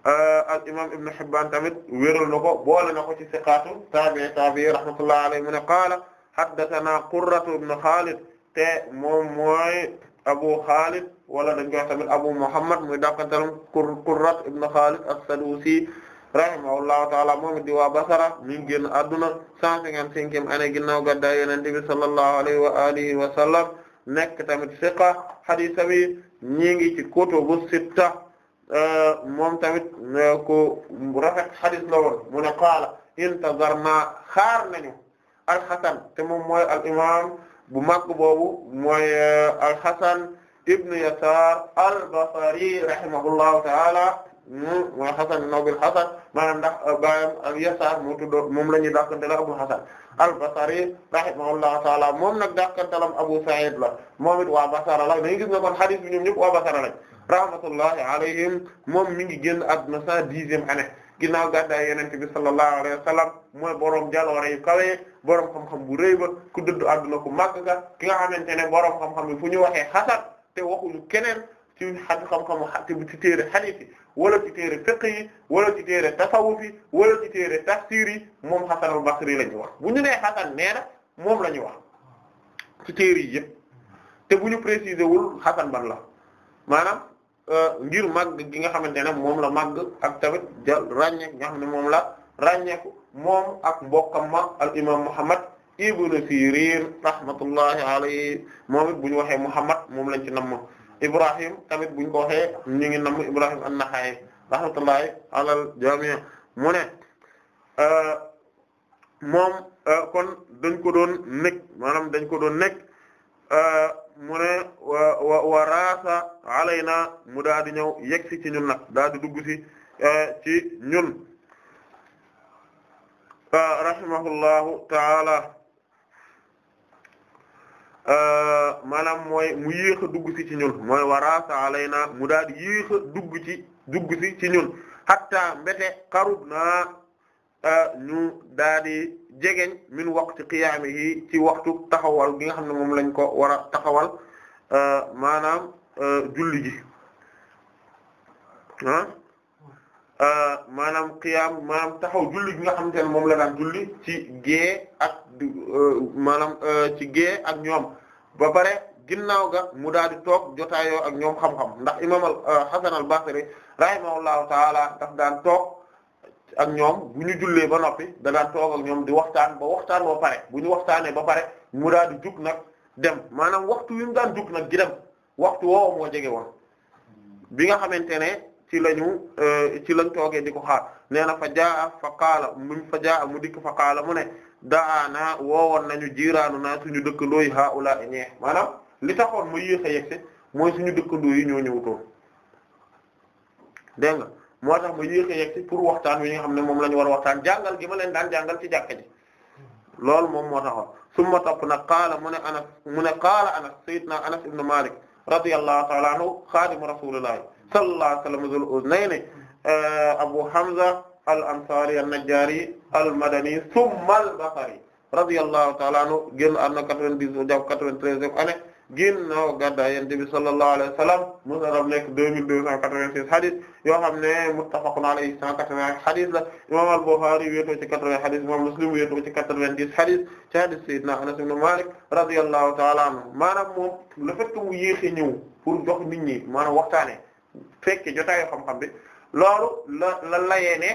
Euh, al imam Ibn Hibban tamit wéral na ko boole na ko ci siqaatu taabi'i taabi'i rahmatullahi alayhi mu ne qaala haddathana Qurratu ibn Khalid te moom mooy Abu Khalid wala dañ koy tamit Abu Muhammad muy dàqantalam Qurrat ibn Khalid as-Sadusi rahimahullahu ta'ala moom di waa Basra mi ngi génn adduna 155e année ginnaaw gàddaay Yonent bi sallallahu alayhi wa alihi wa sallam nekk tamit siqa hadiis bi ñi ngi ci kutubu sitta moom tamit ko rafet xadis la woon mu ne qaala intazarna xaar nañu alxasan te moom mooy al imam bu mag boobu mooy alxasan ibnu yasar albasari rahimahullahu taala mooy Hasan ibn Abil Hasan maanaam ndax uh, baayam ak Yasaar moo tuddoon moom la ñuy dàkkanteel Abu Hasan al-Basri rahimahullahu ta'ala moom nag dàkkanteelam Abu Sa'id la moom it waa Basra la dañuy gis ne kon hadith bi ñoom ñëpp waa Basra lañ rahmatullahi alayhim moom mi ngi génn àdduna cent dixième année ginnaaw gàddaay Yonent bi sallallahu alayhi wa sallam mooy borom jaloore yu kawe borom xam-xam bu rëy ba ku dëdd àdduna ku màgg nga ki nga xamante ne borom xam-xam yi fu ñu waxee Hasan te waxuñu keneen. ci xaj xam-xamu te téere hadith yi wala ci téere fiqh yi wala ci téere tasawuf wala ci téere tafsir yi moom Hasan al-Basri la ñu wax bu ñu nee Hasan nee na moom la ñu wax ci téere yi yëpp te bu ñu préciser wul Hasan ban la maanaam euh, ngir màgg gi nga xamante ne moom la màgg ak tamit ja ràññeeku nga xam ne moom la ràññeeku moom ak mbokkam ma al imaam Muhammad ibn Sirin rahmatullahi alayhi moom it bu ñu waxee Muhammad moom lañ ci namm. Ibrahim tamit bu ko waxee ñu ngi namm Ibrahim an-Naxa'i rahmatullahi alal jami' mu ne euh, moom euh, kon dañ ko doon nekk dañ ko doon nekk euh, mu ne wa wa raasa alayna mu daal ñëw yegg ci ñun nag daal di dugg si ci ñun rahimahullahu taala Euh, maanaam mooy mu yéex dugg ci ci ñun mooy waraasa alayna mu daal di yéex a dugg ci dugg si ci ñun hatta mbete xarub naa euh, ñu daal di jegeñ min waqti yi ci waxtu taxawal gi nga xam ne moom lañ ko war a taxawal euh, maanaam julli gi ah maanaam qiyaam maanaam taxaw julli gi nga xamante ne moom la daan julli ci gée ak ci gée ak ñoom ba pare ginnaaw ga mu daal di toog jotaayo ak ñoom xam-xam ndax imam euh, Hasan al-Basri rahimahullahu taala daf daan toog ak ñoom bu ñu jullee ba noppi da daan toog ak ñoom di waxtaan ba waxtaan ba pare bu ñu waxtaanee ba pare mu daal di jug nag dem maanaam waxtu wi daan jug nag gi dem waxtu woowu moo jege woon bi nga xamante ne ci lañu euh, ci lañ toogee di ko xaar nee na fa jaa fa qaala mu fa jaa mu dikk fa qaala mu ne daana woowoon nañu jiiraanu naa suñu dëkkandoo yi haula e ñee maanaam li taxoon mu yéex a yegsi mooy suñu dëkkandoo yi ñoo ñëwutoon dégg nga moo tax mu yéex a yegsi pour waxtaan wi nga xam ne moom la ñu war a waxtaan jàngal gi ma leen daan jàngal ci jàkka ji loolu moom moo taxoon summa topp nag qaala mu ne anas mu ne qaala anas na anas ibn malik radiyallahu ta'ala anhu xaadimu rasulillahi sallallahu alayhi wa eh, abu hamza al ansari an najjari al madani summa al basri radiyallahu ta'ala anhu génn àdduna 90 jàpp 93 ane ginnaaw gàddaay Yonent bi sallallahu alayhi wa sallam musnadam nekk 2286 hadith yoo xam ne muttafaqun alayhi 180 hadith la imam al-Bukhari wéetoo ci 80 hadith imam Muslim wéetoo ci 90 hadith ci hadith Sayyidina Anas ibn Malik radiyallahu ta'ala anhu maanaam moom le fait que mu yéexi ñëw pour jox waxtaane fekke jotaayu xam-xam bi loolu la la layee ne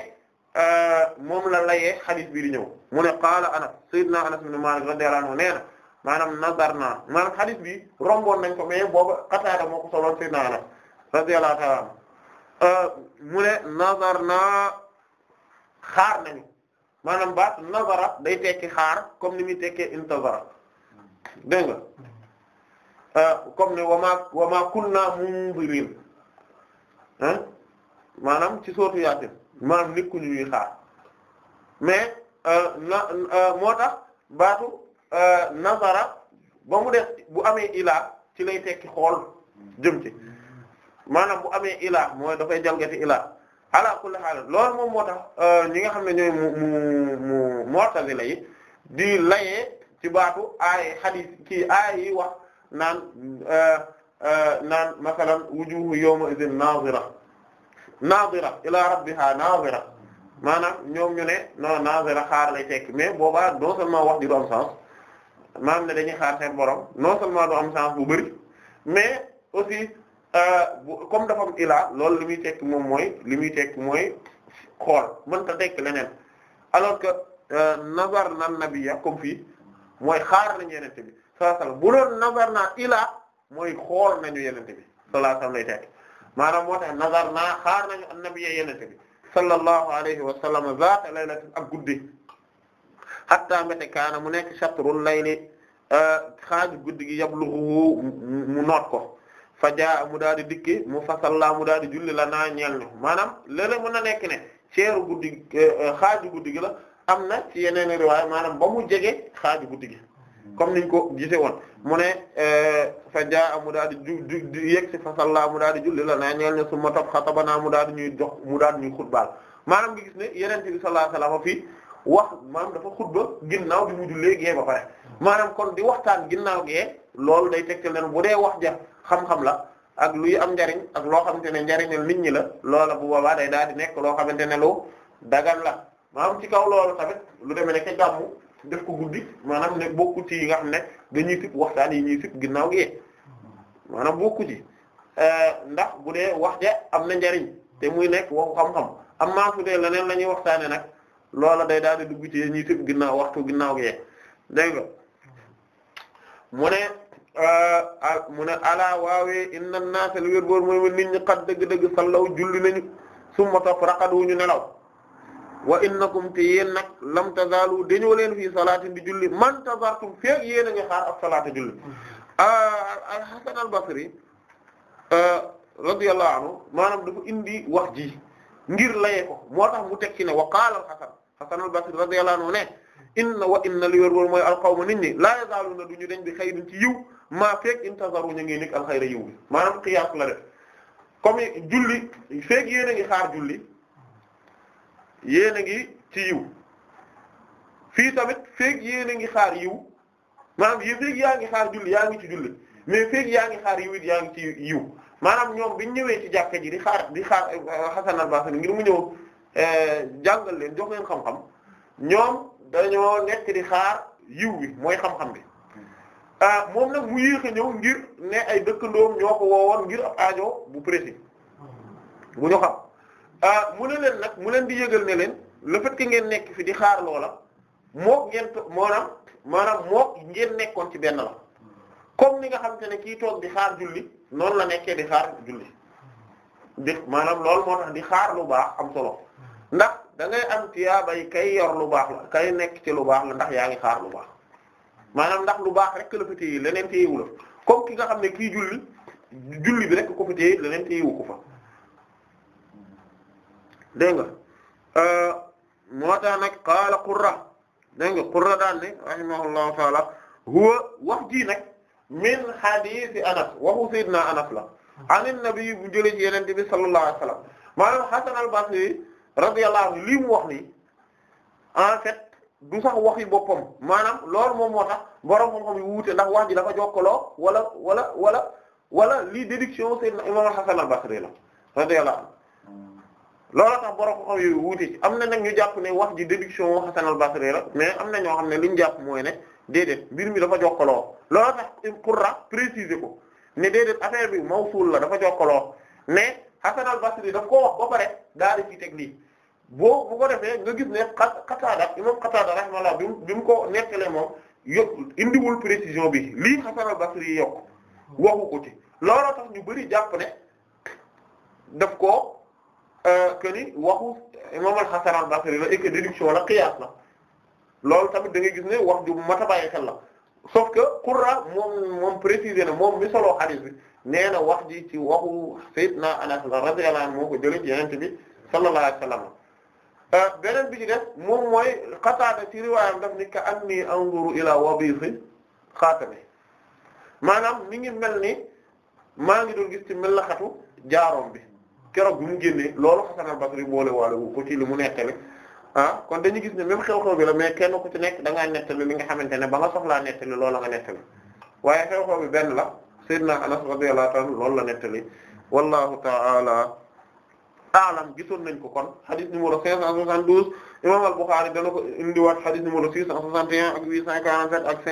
Euh, moom la layee xadis bi di ñëw mu ne qaala anas sayyidina anas ibn Maalik radiyallahu anhu nee na maanaam nazar naa maanaam xadis bi romboon nañ ko mais booba Qataada moo ko soloon sayyidina anas radiyallahu ta'ala anhu euh, mu ne nazar xaar nañu maanaam baat nazara day tekki xaar comme ni muy tekkee intazara dégg euh, comme ne wama wama kunna munzirin maanaam ci sootu Yaasin maanaam nekkuñu ñuy xaar mais euh, na euh, moo tax baatu euh, nazara ba mu def bu amee ilaa ci lay tekki xool jëm ci maanaam bu amee ilaa mooy dafay jalgati ilaa ala kulli haal loolu moom moo tax ñi nga xam ne ñooy mu mu mu mu'tazila yi di layee ci baatu ay hadith ci ay yi wax naan naan masalan wujuhu yawma idhin nazira naadira ila rabbiha naadira maanaam ñoom ñu ne non naadira xaar lay tekki mais boobaa non seulement wax di du am sens maanaam ne dañuy xaar seen borom non seulement du am sens bu bëri mais aussi euh, comme dafa am ilaa loolu li muy tekki moom mooy li muy tekki mooy xool mën ta tekki leneen alors que euh, nazar na nabiya comme fii mooy xaar nañu yenente bi sallallahu alayhi wasallam bu doon nazar naa ilaa mooy xool nañu yenente bi sallallahu laa wasallam lay tekki maanaam moo tax na naa xaar nañu annabiya yenente bi sallallahu alayhi wa sallam zaata laylatin ak guddi hatta mbéte kaana mu nekk shatrul layli euh, xaaju guddi gi yabluhu mu noot ko fa jaa mu daal di dikki mu fasalla mu daal di julli la naa ñeel ñu maanaam léeg-léeg mën na nekk ne ceeru guddi euh, xaaju guddi gi la am na ci yeneen riwaay maanaam ba mu jege xaaju guddi gi comme niñ ko gise woon mu ne eh, fa jaa mu daal di ju yegg si fa salla mu daal di julli la naa ñeel ne su ma topp xatabanaa mu daal di ñuy jox mu daal di ñuy xutbaal maanaam nga gis ne yenente bi sallallahu alayhi wasallam fii wax maanaam dafa xutba ginnaaw bi mu jullee gee ba pare maanaam kon di waxtaan ginnaaw gee loolu day tegtal leen bu dee wax ja xam-xam la ak luy am njariñ ak loo xam xamante ne njariñal nit ñi la loola bu boobaa day daal di nekk loo xamante ne lu dagan la maanaam ci kaw loolu tamit lu demee ne ca gàmmu def ko guddi maanaam ne bokku ci yi nga xam ne dañuy sip waxtaan yi ñuy sip ginnaaw gi maanaam bokku ci euh, ndax bu dee wax ja am na njariñ te muy nekk waxu xam-xam am maa su dee leneen la ñuy waxtaane nag loola day daal di dugg ci ñuy sip ginnaaw waxtu ginnaaw gi dégg nga mu ne euh, mu ne alaa waawee inna naasa li wér boor mooy ma nit ñi xat dëgg-dëgg sallaw julli nañu summa topp raqadu ñu nelaw wa innakum te yéen nag lam tazalu dañoo leen fii salaatin di julli man tazartum feek yéen a ngi xaar ak salaata julli mm-hmm. al-Hasan al-Basri euh, radiyallahu anhu maanaam dafa indi wax ji ngir laye ko moo tax mu teg ci ne wa qaala al-Hasan Hasan al-Basri radiyallahu anhu ne inna wa inna li wér-wér mooy alqawma nit la laa yazaaluuna du ñu dañ bi xayrin ci yiw maa feek intazaru ñu ngi nekk alxayra yiw bi maanaam qiyaas la def comme julli feek yéen a ngi xaar julli yéen a ngi ci yiw fii tamit feeg yéen a ngi xaar yiw maanaam yi feeg yaa ngi xaar julli yaa ngi ci julli mais feeg yaa ngi xaar yiw it yaa ngi ci yiw maanaam ñoom biñ ñëwee ci jàkka ji di xaar di xaar eh, Hasan al-Basri ngir mu ñëw eh, jàngal leen jox leen xam-xam ñoom dañoo nekk di xaar yiw bi mooy xam-xam bi ah, moom nag mu yéex a ñëw ngir ne ay dëkkandoom ñoo ko woowoon ngir ab aajo bu précis hmm. bu ñu xam Ah, mu ne leen nag mu leen di yëgal ne leen le fait que ngeen nekk fi di xaar loola mook ngeen maanaam maanaam mook ngeen nekkoon ci benn la comme ni nga xam te ne kii toog di xaar julli noonu la nekkee di xaar julli di maanaam loolu moo tax di xaar lu baax am solo ndax da ngay am tiyaaba yi kay yor lu baax la kay nekk ci lu baax la ndax yaa ngi xaar lu baax maanaam ndax lu baax rek la fa téye leneen téyewu la comme ki nga xam ne kii julli julli bi rek ko fa téye leneen ko dégg nga euh, moo tax nag qaala qurra dégg nga qurra daan ne rahimahullahu huwa wax ji nag min hadith anas waxu sayyidina anas la an nabi bu jëlee ci yeneen bi sallallahu alayhi wasallam maanaam Hasan al-Basri radiyallahu anhu lii mu wax nii en fait du sax waxi boppam maanaam loolu moom moo tax borom xam-xam yu wuute ndax wax ji dafa jokkaloo wala wala wala wala lii déduction sayyidina imam Hasan al-Basri la radiyallahu anhu loolu tax borom xaw yooyu wuute am na nag ñu jàpp ne wax ji déduction wu Hasan al-Basri la mais am na ñoo xam ne li ñu jàpp mooy ne déedéet mbir mi dafa jokkaloo loolu tax Qurra préciser ko ne déedéet affaire bi mawsul la dafa jokkaloo mais Hasan al-Basri daf koo wax daal di ci teg boo bu ko defee nga gis ne Qataada imam Qataada rahimahullah bi mu bi mu ko nekkalee moom yokk indiwul précision bi lii Hasan al-Basri yokk waxu ko ci looloo tax ñu bari jàpp ne daf koo. Euh, que ni waxu imam al-Hasan al-Basri la et que déduction la qiyaas la loolu tamit da ngay gis ne wax ju mat a bàyyi xel la sauf que Qurra moom moom précisé na moom mi solo bi nee na wax ji ci waxu Sayyidina Anas radiyallahu anhu moo ko jëlee ci Yonent bi sallallahu alayhi wasallam euh, beneen bi ci def moom mooy Qataada ci riwaayam daf ni ka anni anzuru ila wabiisi xaatami maanaam mi ngi mel ni maa ngi doon gis ci melaxatu jaaroom bi. keroog bi mu génnee loolu Hasan al boole waale wu ko ci li mu nettali ah kon dañu gis ne même xew-xew bi la mais kenn ku ci nekk da ngaa nettali li nga xamante ne ba nga soxlaa nettali loola nga nettali waaye xew-xew bi benn la Seydina Anas radiyallahu ta'ala loolu la nettali wallahu ta'ala a'lam gisoon nañ ko kon hadith numéro 572 imam al-Bukhari dana ko indiwaat hadith numéro 661 ak 847 ak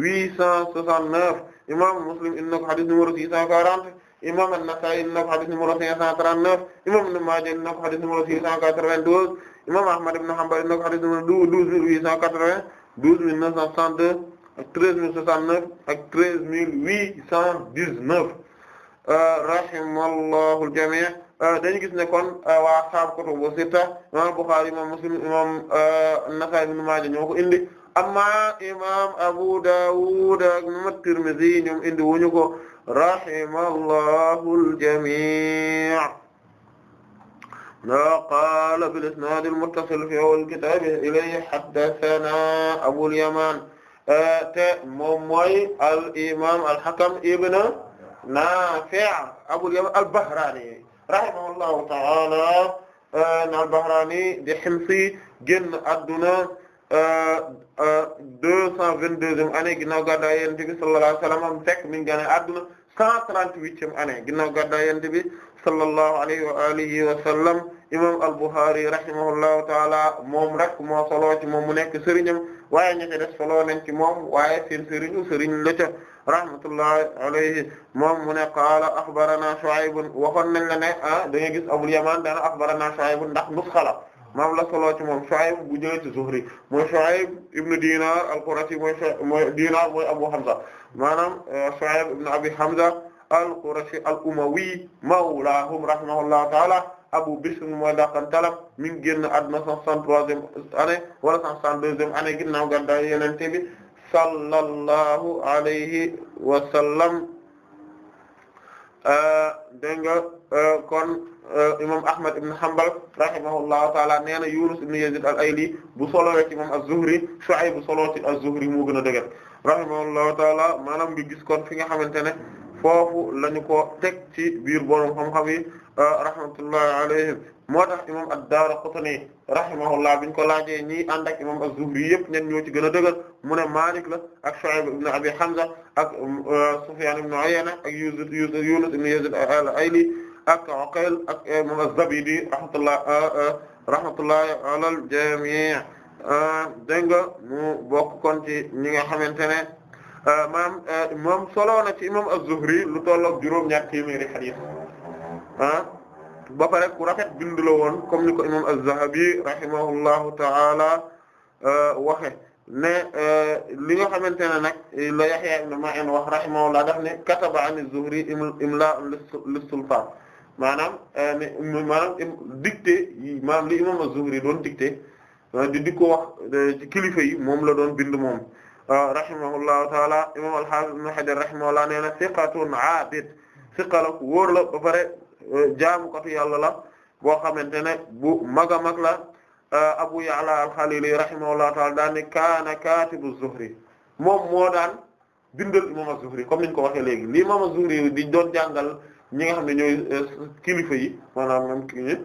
5869 imam Muslim indi na imam an-Nasa'i indi na ko xadis numéro 539 imam Ibn Maaja indi na ko xadis numéro 692 imam Ahmad ibn Hanbal indi na ko xadis numéro 12880 12962 ak 13069 ak 13819 rahimallahu al dañu gis ne kon waa ashab kutubu sitta imam Bukhari imam Muslim imam euh, an-Nasa'i ibn Maaja ñoo ko indi amma imam Abu Dawud ak Tirmidhi ñoom indi wuñu ko rahimallahu al-jamii' qaala bil-isnaad al-muttasil fii awwal kitaab ilayhi haddathanaa Abul Yamaan te moom mooy al-imaam al-Hakam ibn Naafi' Abul Yamaan al-Bahraani rahimahullahu ta'aala al-Bahraani di Himsi génn adduna euh, euh, deux cent vingt-deuxième année ginnaaw gàddaay Yonent bi sallallahu alayhi wa sallam fekk mi ngi génn adduna 138e année ginnaaw gàddaay Yonent bi sallallahu alayhi wa alihi wa sallam imam al-Bukhari rahimahullahu taala moom rek moo solo ci moom mu nekk sëriñam waaye ñi ci solo nañ ci moom waaye seen sëriñu sëriñ la ca rahmatullahi alayhi moom mu ne qaala axbarana Shu'ayb waxoon nañ la ne ah da nga gis Abul Yamaan dana axbarana Shu'ayb ndax nusxa la moom la solo ci moom Shu'ayb bu jëlee ci Zuhri mooy Shu'ayb ibn Dinar al-Qurashi mooy mooy Dinar mooy Abu Hamza maanaam euh, Shu'ayb ibn Abi Hamza al-Qurashi al-Umawi mawlahum rahimahullahu ta'ala Abu Bishr mooy daqan talam mi ngi génn àdduna 163e année wala 162e année ginnaaw gàddaay Yonent bi sallallahu alayhi wa sallam Euh, dégg nga euh, kon euh, imam Ahmad ibn Hanbal rahimahullahu taala nee na Yunus ibn Yazid al-Ayli bu solowee ci imam az-Zuhri Shu'ayb bu soloo ci az-Zuhri moo gën a dëgër rahimahullahu taala maanaam nga gis kon fi nga xamante ne foofu lañu ko teg ci biir borom xam-xam yi euh, rahmatullahi alayhim moo tax imam ad a rahimahullah biñ ko laajee ñi ànd ak imam az-Zuhri yëpp ñen ñoo ci gën a dëgër mu ne Maalik la ak Shu'ayb ibn Abi Hamza ak euh, Sufyaan ibn Uyayna ak Yunus ibn Yaziid al-Ayli ak Uqayl ak imam az-Zabidi rahmatullah euh, rahmatullahi ala al-jamii' dégg nga mu bokk kon ci ñi nga xamante ne Euh, maam euh, moom solo na ci imam az-Zuhri lu tollook juróom-ñaar téeméeri xadis ah ba ku rafet bind la woon comme ni ko imam az-Zahabi rahimahullahu ta'ala euh, waxe ne li nga xamante ne nag la Yahya ibn Ma'in wax rahimahullah daf ne kataba an az-Zuhri imla lis-sultan maanaam ne maanaam dicté li imam az-Zuhri doon dicté di di ko wax ci kilifa yi moom la doon bind moom rahimahullahu taala imam al-Hafiz Ibn Hajar rahimahullah na siqatun aabid siqa ku wóor la ba pare euh, jaamukatu yàlla la boo xamante ne bu mag a mag la euh, Abu Ya'la al-Khalili rahimahullahu taala daan ne kaana katibu Zuhri moom moo daan bindal imam az-Zuhri comme niñ ko waxee léegi li imam az-Zuhri di doon jàngal ñi xam ne ñooy euh, kilifa yi maanaam moom kii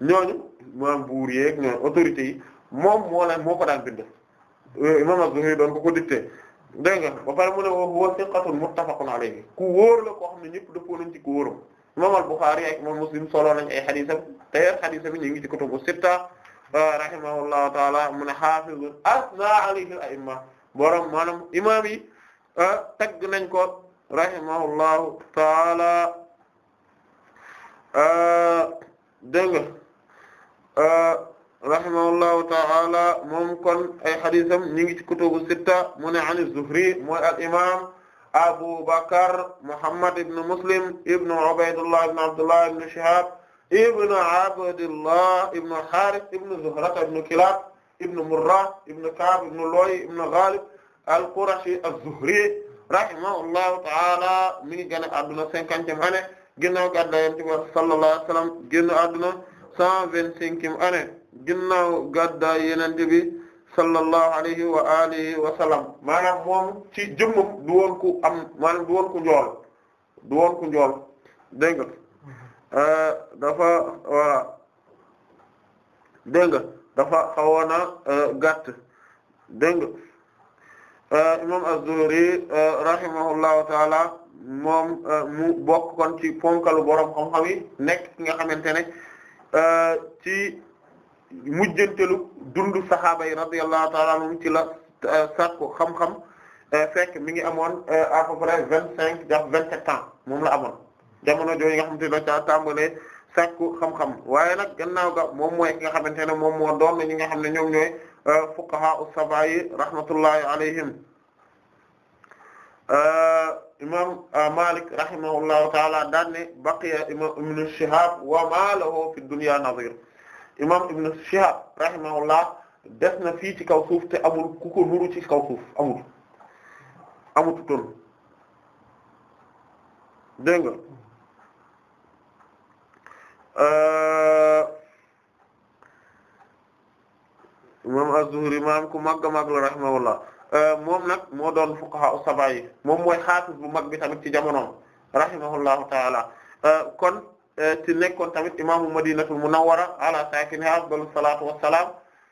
ñooñu maanaam buur yeeg ñooy yi moom moo leen moo ko daan bindal Eh, imam az-Zuhri doon ko ko dicté dégg nga ba pare mu ne huwa thiqatun muttafaqun alayhi ku wóor la koo xam ne ñëpp dëppoo nañ ci ku wóoram imam al-Bukhari ak imam Muslim solo nañ ay xadisam te xadisam ñu ngi ci kutubu sitta rahimahullahu taala mu ne hafizun asna alayhi al-a'imma borom maanaam imam yi eh, tagg nañ ko rahimahullahu taala eh, dégg nga rahimahullahu ta'ala moom kon ay hadisam ñi ngi ci kutubu sitta mu ne an az-Zuhri mooy al imam Abu Bakr Muhammad ibn Muslim ibn Ubaydullah ibn Abdullah ibn Shihab ibn Abdillah ibn Harith ibn Zuhra ibn Kilab ibn Murrah ibn Ka'b ibn Lu'ay ibn Ghalib al-Qurashi az-Zuhri rahimahullahu ta'ala mi ngi génn àdduna cinquantième année ginnaaw gàddaay Yonent bi sallallahu alayhi wa sallam génn àdduna cent vingt-cinquième année ginnaaw gàddaay yenente bi sallallahu alayhi wa alihi wa sallam maanaam moom ci jëmmam du woon ku am maanaam du woon ku njool du ku njool dégg nga mm-hmm. euh, dafa voilà dafa xawoon euh, gàtt dégg nga euh, imam az-Zuhri rahimahullahu moom mu bokk kon ci ponkalu borom xam-xam nekk ki nga xamante ne ci mujjantelu dundu saxaaba yi radiyallahu ta'ala anhum ci la euh, sàkku xam-xam euh, fekk mi ngi amoon euh, à peu près vingt cinq vingt sept ans moom la amoon jamono jooju nga xamante ne a tàmbalee sàkku xam-xam waaye nag gannaaw ga moom mooy ki nga xamante ne moom moo doom ñi nga xam ne ñoom ñooy fuqaha as-sab'a yi alayhim imam Malik rahimahullahu ta'ala daan baqiya imam ibn Shihab wa ma lahu fi dunya nazir imam ibn Shihab rahimahullah des na fii ci kaw suuf te amul ku ko nuru ci kaw suuf amul amututoon dégg nga euh, imam maam ku màgg a màgg la rahimahullah euh, moom nag moo doon fuqaha u saba moom mooy xaafis bu mag bi tamit ci jamonoom rahimahullahu taala euh, kon Eh, ci nekkoon tamit imaamu madinatul munawwara ala saakinihaa afdalu salaatu wassalaam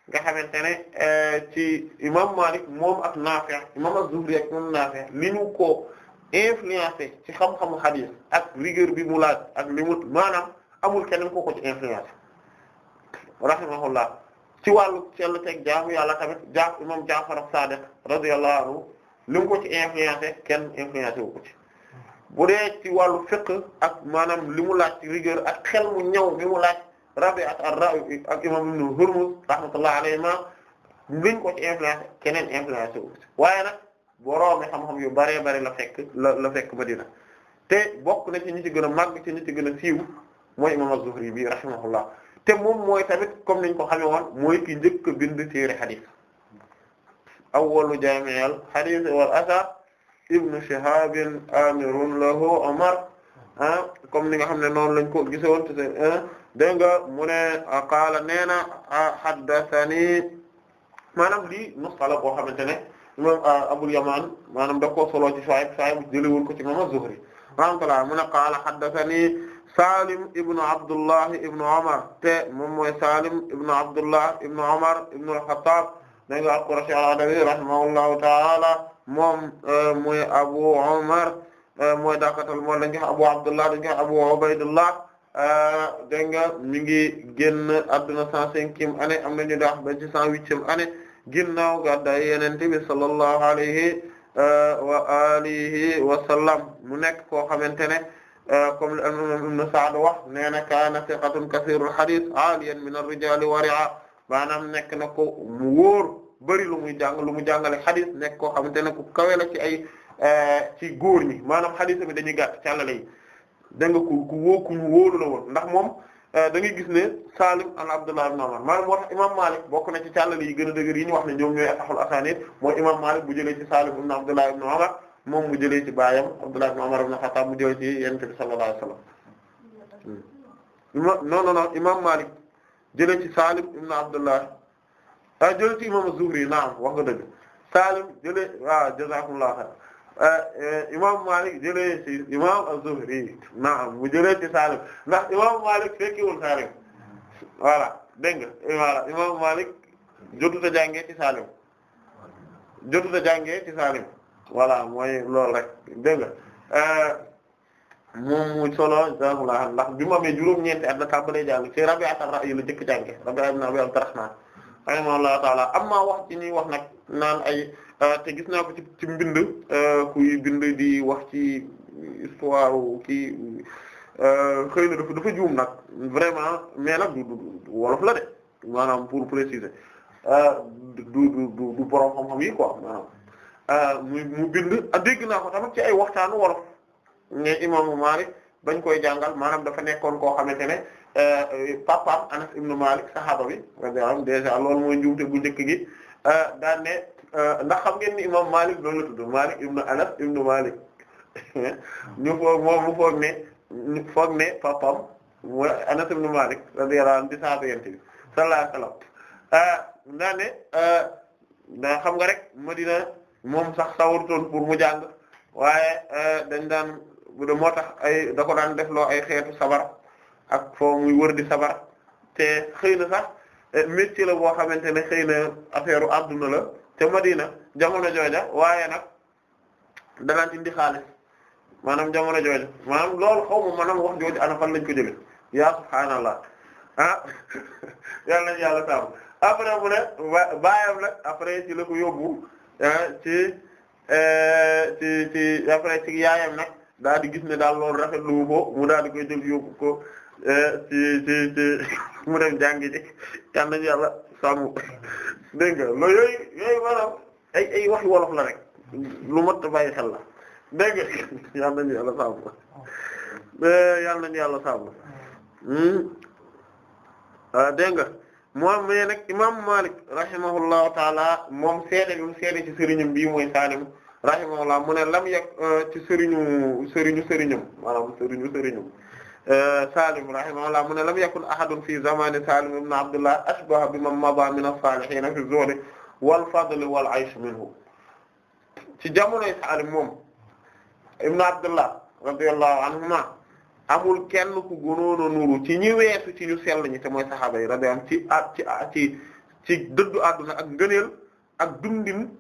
nga xamante ne eh, ci imam Maalik moom ak Naafi' imam az-Zuhri ak moom Naafi' li ñu ko influencé ci xam-xamu hadiis ak rigueur bi mu laaj ak li mu maanaam amul kenn ko ko ci influencé rahimahullah ci wàllu sell teg jaamu yàlla tamit jaaf imam Jaafar as-Saadiq radiyallahu anhu li mu ko ci influencé kenn influencé wu ko bu dee ci wàllu fiqh ak maanaam li mu laaj ci ak xel mu ñaw bi mu laaj Rabi'at ar-Ra'i ak imam ibn Hurmuz rahmatullahi alayhima liñ ko ci influencé keneen influencé wu waaye nag borom xam yu baree bare la fekk la la fekk Madina te bokk na ci ñi ci gën a màgg ci ñi ci gën a siiw mooy imam az-Zuhri bi rahimahullah te moom mooy tamit comme niñ ko xamee woon mooy ki njëkk bind téere xadis awwalu jaami'al xadis wal asar ibnu Shihab amirun lahu Umar ah comme ni nga xam ne noonu lañ ko gisoon te ah, dégg nga mu ne ah, qaala nee na ah, haddathani maanaam lii nusxa la boo xamante ne imam Abul Yamaan maanaam da koo solo ci Shuayb Shuayb jëliwul ko ci imam Az-Zuhri rahmatullah mu ne qaala haddathani Salim ibnu Abdullah ibnu Umar te moom mooy Salim ibnu Abdullah ibnu Umar ibnu al-Khattab dégg nga al-Qurashi al-Adawi rahimahullahu ta'ala moom euh, euh, mooy Abu Umar mooy dakatal moo la ñu koy Abu Abdullah dañu koy Abu Ubaydullah euh, dégg nga mi ngi génn adduna cent cinquième année am nañu daax ba ci cent huitième année ginnaaw gàddaay Yonent bi alayhi wa alihi wa sallam mu nekk koo xamante ne comme al-imam Ibn Sa'd wax nee na kaana thiqatun kathirul hadith aliyan min ar-rijal wari'a maanaam nekk na ko mu wóor bëri lu jàng lu mu jàngale xadis nekk koo xamante ne ku kawe la ci ay eh, ci góor ñi maanaam xadis bi dañuy gàtt càllale yi da nga ku ku wóo ku la woon ndax moom eh, da ngay gis ne Salim an Abdullah ibn Umar moo tax imam bokk na ci càllale yi gën a yi ñu wax ne ñoom ñooy asahul bu jëlee ci Salim ibn Abdullah ibn Umar moom mu jëlee ci baayam Abdullah ibn Umar ibn Khattab mu jëlee ci Yonent bi sallallahu alayhi wasallam hmm. non non non imam ci Salim ibn Abdullah ah jëlee ci imam az-Zuhri naam wax nga dëgg Salim jëlee waaw jazakumullahu xayran eh, eh, imam Malik jëlee ci mu jëlee Salim ndax imam Malik fekkiwul Salim voilà dégg nga voilà imam Malik jotut a jàngee ci Salim jotut a jàngee ci Salim voilà mooy loolu rek dégg nga eh, moom solo jazakumullahu ndax bi mu amee juróom-ñeenti at la tàmbalee jàng ci Rabi'at ar-Ra'y la jëkk jànge Rabi'a ibn Abi Abdurrahman rahimahullahu taala amma wax ci ñuy wax nag naan ay euh, te gis naa ko ci ci mbind euh, kuy bind di wax ci histoire kii euh, xëy na dafa dafa juum nag vraiment mais nag du la maanaam pour préciser du du du borom xam-xam yi quoi maanaam mu mu bind a ah, dégg naa ko tamit ci ay waxtaanu wolof ne imaamu Maalik bañ koy jàngal maanaam dafa nekkoon koo xamante ne Euh, euh, papaam Anas ibn Malik sahaaba bi radiyallahu anhu déjà loolu mooy njuumte bu njëkk gi euh, daan ndax xam ngeen ni imam Malik loolu la xam nga rek Madina moom sax sawurtoon pour mu jàng waaye dañ daan bu de moo tax ay da ko daan defloo ay xeetu sabar ak foo muy wër di sabar te xëy na sax eh, métier la boo xamante ne xëy na affaire adduna la te Madina jamono jooja waaye nag danaan indi xaalis maanaam jamono jooja maanaam lool xaw ma wax jooju ana fan lañ ko jëlee yaa subhaanallah ah yàlla nañ yàlla sàmm après mu ne baayam ci la ko yóbbu eh, eh, ci yaayam nag daal di gis ne daal loolu rafetlu ko mu daal koy jël yóbbu ko Eh, ci ci ci mu dem jàngi ji yal nañu yàlla sàmm dégg nga loolu yooyu yooyu maanaam ay ay wolof la rek lu mot bàyyi xel la dégg nga yal nañu yàlla sàmm eh, yal hmm? ah, dégg nga moom mais nag imam Malik rahimahullahu taala moom seede bi mu seede ci sëriñam bii mooy Saalim rahimahullah mu ne lam yegg eh, ci sëriñu sëriñu sëriñam maanaam sëriñu sëriñam Salim rahimahullah mu ne lam yakun ahadun fi zamani Salim ibn Abdullah ashbaha bi man mada min as-salihin fi zuhd wal fadl wal aysh minhu ci jamonoy Salim moom ibn Abdullah radiyallahu anhuma amul kenn ku gënoon a nuru ci ñi weesu ci ñu sell ñi te mooy saxaaba yi radiyallahu ci ci ci ci dëddu àdduna ak ngëneel ak dundin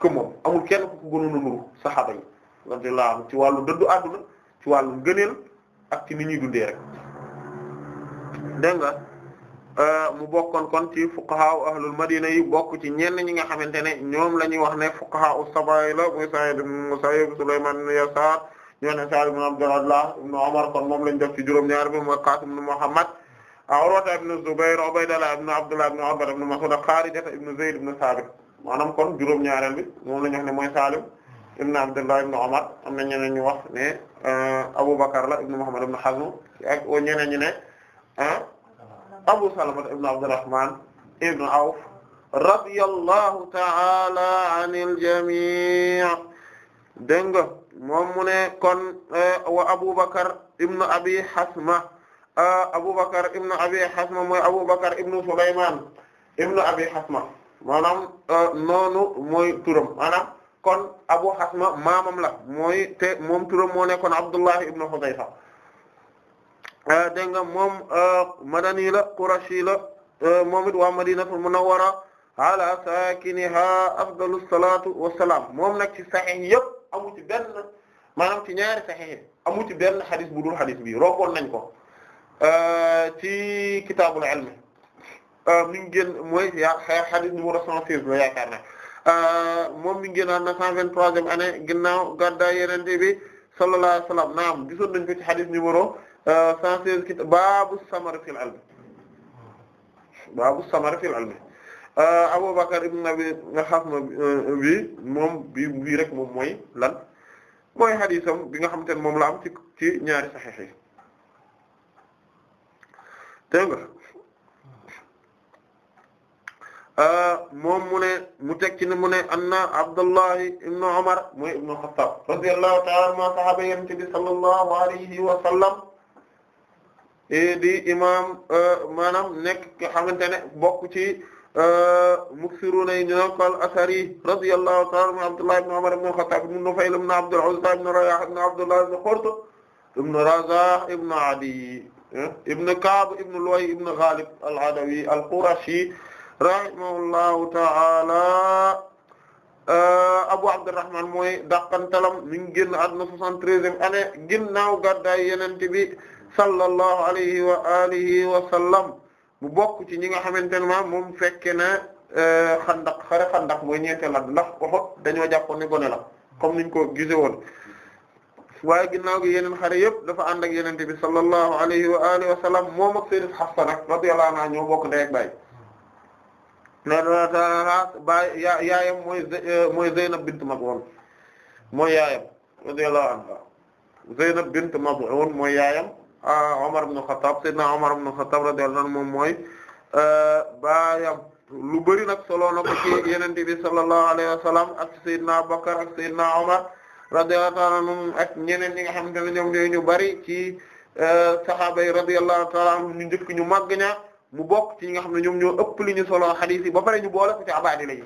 ko moom amul kenn ku gënoon a nuru saxaaba yi radiyallahu ci wàllu dëddu àdduna ci wàllu ngëneel. ak ci ni ñuy dundee rek dégg nga euh, mu bokkoon kon ci fuqaha ahlul madina yi bokk ci ñenn ñi nga xamante ne ñoom la wax ne fuqaha as-sab'a la muy Sa'id ibn Musayyib Sulayman ibn Yasar ñoo Abdullah ibn Umar kon moom lañ def ci juróom-ñaar bi mooy Qasim ibn Muhammad Urwa ibn Zubayr Ubaydullah ibn Abdullah ibn Umar ibn Mas'ud Kharija ibn Zayd ibn Thabit maanaam kon juróom-ñaareel bi moom la wax ne mooy Salim ibn Abdullah ibn Umar am na ñeneen ñu wax ne euh, Abu Bakar la ibn Muhammad ibn Hazm ak ñeneen ñu ne ah, Abu Salama ibn Abdurrahman ibn Awf radiyallahu ta'ala anil jami' dégg nga moom mu ne kon euh, wa Abu Bakar ibn Abi Hasma euh, Abu Bakar ibn Abi Hasma mooy Abu Bakar ibn Sulayman ibn Abi Hasma maanaam noonu mooy turam maanaam kon Abu Hasma maamam la mooy te moom turam moo nekkoon Abdullahi ibn Hudayfa euh, dégg nga moom euh, madani la qurashi la euh, moom it waa Madinatul Munawwara ala saakiniha afdalu salaatu wa salaam moom nag ci saxiix yëpp amu ci benn maanaam ci ñaari saxiix amu ci benn xadis bu dul xadis bi romboon nañ ko ci kitaabul ilm mi ngi la yaakaar Euh, moom mi ngi génnoon na 123e année ginnaaw gàddaay Yonent bi sallallahu alayhi wasallam naam gisoon nañ ko ci hadith numéro euh, baabu samar fil ilmi baabu samar fil ilmi euh, Abubakar ibn Abi Hasma bi moom bi rek moom mooy lan mooy haditham bi nga xamante ne moom laa am ci ci ñaari sahih yi Euh, moom mu ne mu teg ci ne mu ne anna Abdullahi Ibn Umar muy Ibn Khattab radiyallahu ta'ala ma sahaba yonent bi sallallahu alayhi wa sallam e di imam e, maanaam nekk nga xamante ne bokk ci e, muksiruna yi ñu ne ko al-Asari radiyallahu ta'ala anhu Abdullahi Ibn Umar Ibn Khattab ibn Nufayl ibn Abdul Uzza ibn Rayah ibn Abdullah ibn Qurt ibn Razah ibn Adi eh, ibn Ka'b ibn Lu'ay ibn Ghalib al-Adawi al-Qurashi rahimahullahu ta'ala euh, Abu Abdurrahman mooy dàqantalam mi ngi génn àdduna 73e année ginnaaw gàddaay Yonent bi sallallahu alayhi wa alihi wa sallam mu bokk ci ñi nga xamante ne maam moom fekke na euh, xandak xare xandak mooy ñeenteel at ndax Uhud dañoo jàppoon ne gone la comme niñ ko gisee woon waaye ginnaaw gi yeneen xare yëpp dafa ànd ak Yonent bi sallallahu alayhi wa alihi wa sallam moom ak Sayyidat Hafsa nag radiyallahu anha ñoo bokk ndey ak baay radiyallahu ta'ala anha baay yaayam mooy euh, mooy Zeynab bint Maz'un mooy yaayam radiyallahu anha Zeynab bint Maz'un mooy yaayam ah, Omar ibn Khattab Seydina Omar ibn Khattab radiyallahu anhu moom mooy euh, baayam lu bëri nag solo na ko ci Yonent bi sallallahu alayhi wa sallam ak Seydina Bakar ak Seydina Omar radiyallahu ta'ala anhum ñi nga xamante ne ñoom ñooy ñu bari ci euh, saxaaba yi radiyallahu ta'ala anhum ñu njëkk ñu màgg ña. mu bokk ci ñi nga xam ne ñoom ëpp li ñu solo hadith ba pare ñu boole ko ci abadila yi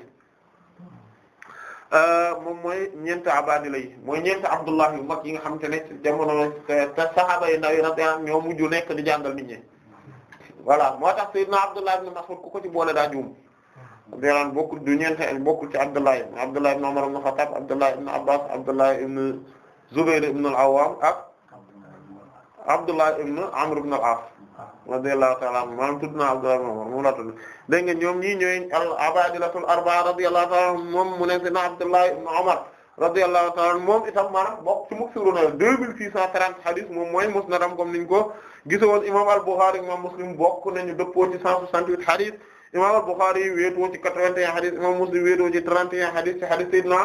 euh, moom mooy ñeent abadila yi mooy ñeent abdullah yu mag yi nga xamante ne jamono te saxaaba yi ndaw yi radiyallahu ñoo mujj nekk di jàngal nit ñi voilà moo tax sayyidna abdullah ibn mas'ud ku ko ci boole daa juum radiyallahu bokkul du ñeent bokkul ci abdullah yi abdullah ibn umar ibn khattab abdullah ibn abbas abdullah ibn zubayr ibn al radiyallahu ta'ala anhu maanaam tudd na Abdullah ibn Umar moom la tudd dégg nga ñoom ñii ñooy al-abadilatul arba'a radiyallahu ta'ala anhum moom mu ne sayyidina Abdullah ibn Umar radiyallahu ta'ala anhu moom itam maanaam bokk ci muksiruna 2630 hadith moom mooy musnadam comme niñ ko gisoon imam al-Bukhari imam Muslim bokk nañu dëppoo ci 168 hadith imam al-Bukhari wéetoo ci 81 hadith imam Muslim wéetoo ci 31 hadith ci hadith sayyidina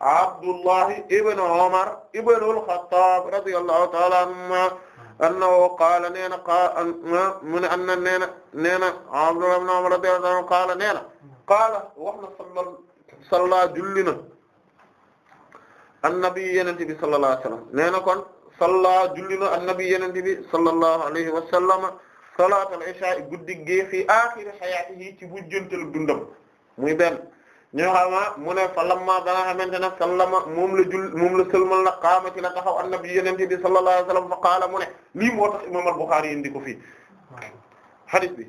Abdullah ibn Umar ibn al-Khattab radiyallahu ta'ala anhu annahu qaala nee na qaala mu ne anna nee na nee na Abdullah ibn Umar radiyallahu anhu qaala nee na qaala wax na salla salla julli na annabi yenente bi sallallahu alayhi wa sallam nee na kon salla julli na annabi yenente bi sallallahu alayhi wa sallam salaatal isha guddi gee fi aaxiri xayaatihi ci bu jëntal dundam muy benn ñoo xama mu ne fa lamma ba nga xamante ne sallama moom la la sëlmal na qaama ci la taxaw annabi yonent bi sallallahu alayhi wasallam fa qaala mu ne lii moo tax imam al-Bukhari indi ko fii bi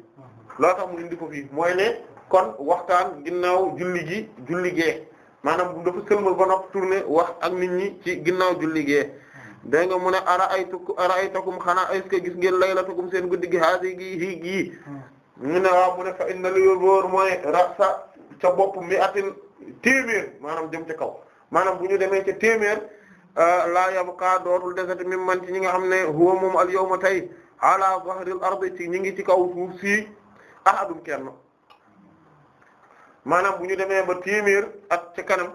loo tax mu indi ko fii mooy ne kon waxtaan ginnaaw julli gi julli gee maanaam dafa sëlmal ba noppi tourné wax ak nit ñi ci ginnaaw julli gee dégg nga mu ne ara ay tukku ara ay takum xanaa est-ce que gis ngeen laylatakum seen guddi gi haasi gi hii gii hmm. mu ne waaw mu fa inna li wóor mooy rasa ca boppum mi atin téeméer maanaam jëm ci kaw maanaam bu ñu demee ci téeméer euh, laa yabqa dootul desati mi man ci ñi nga xam ne huwa moom al yawma tey ala zahril ardi ci ñi ngi ci kaw suuf si ahadum kenn maanaam bu ñu demee ba téeméer at ci kanam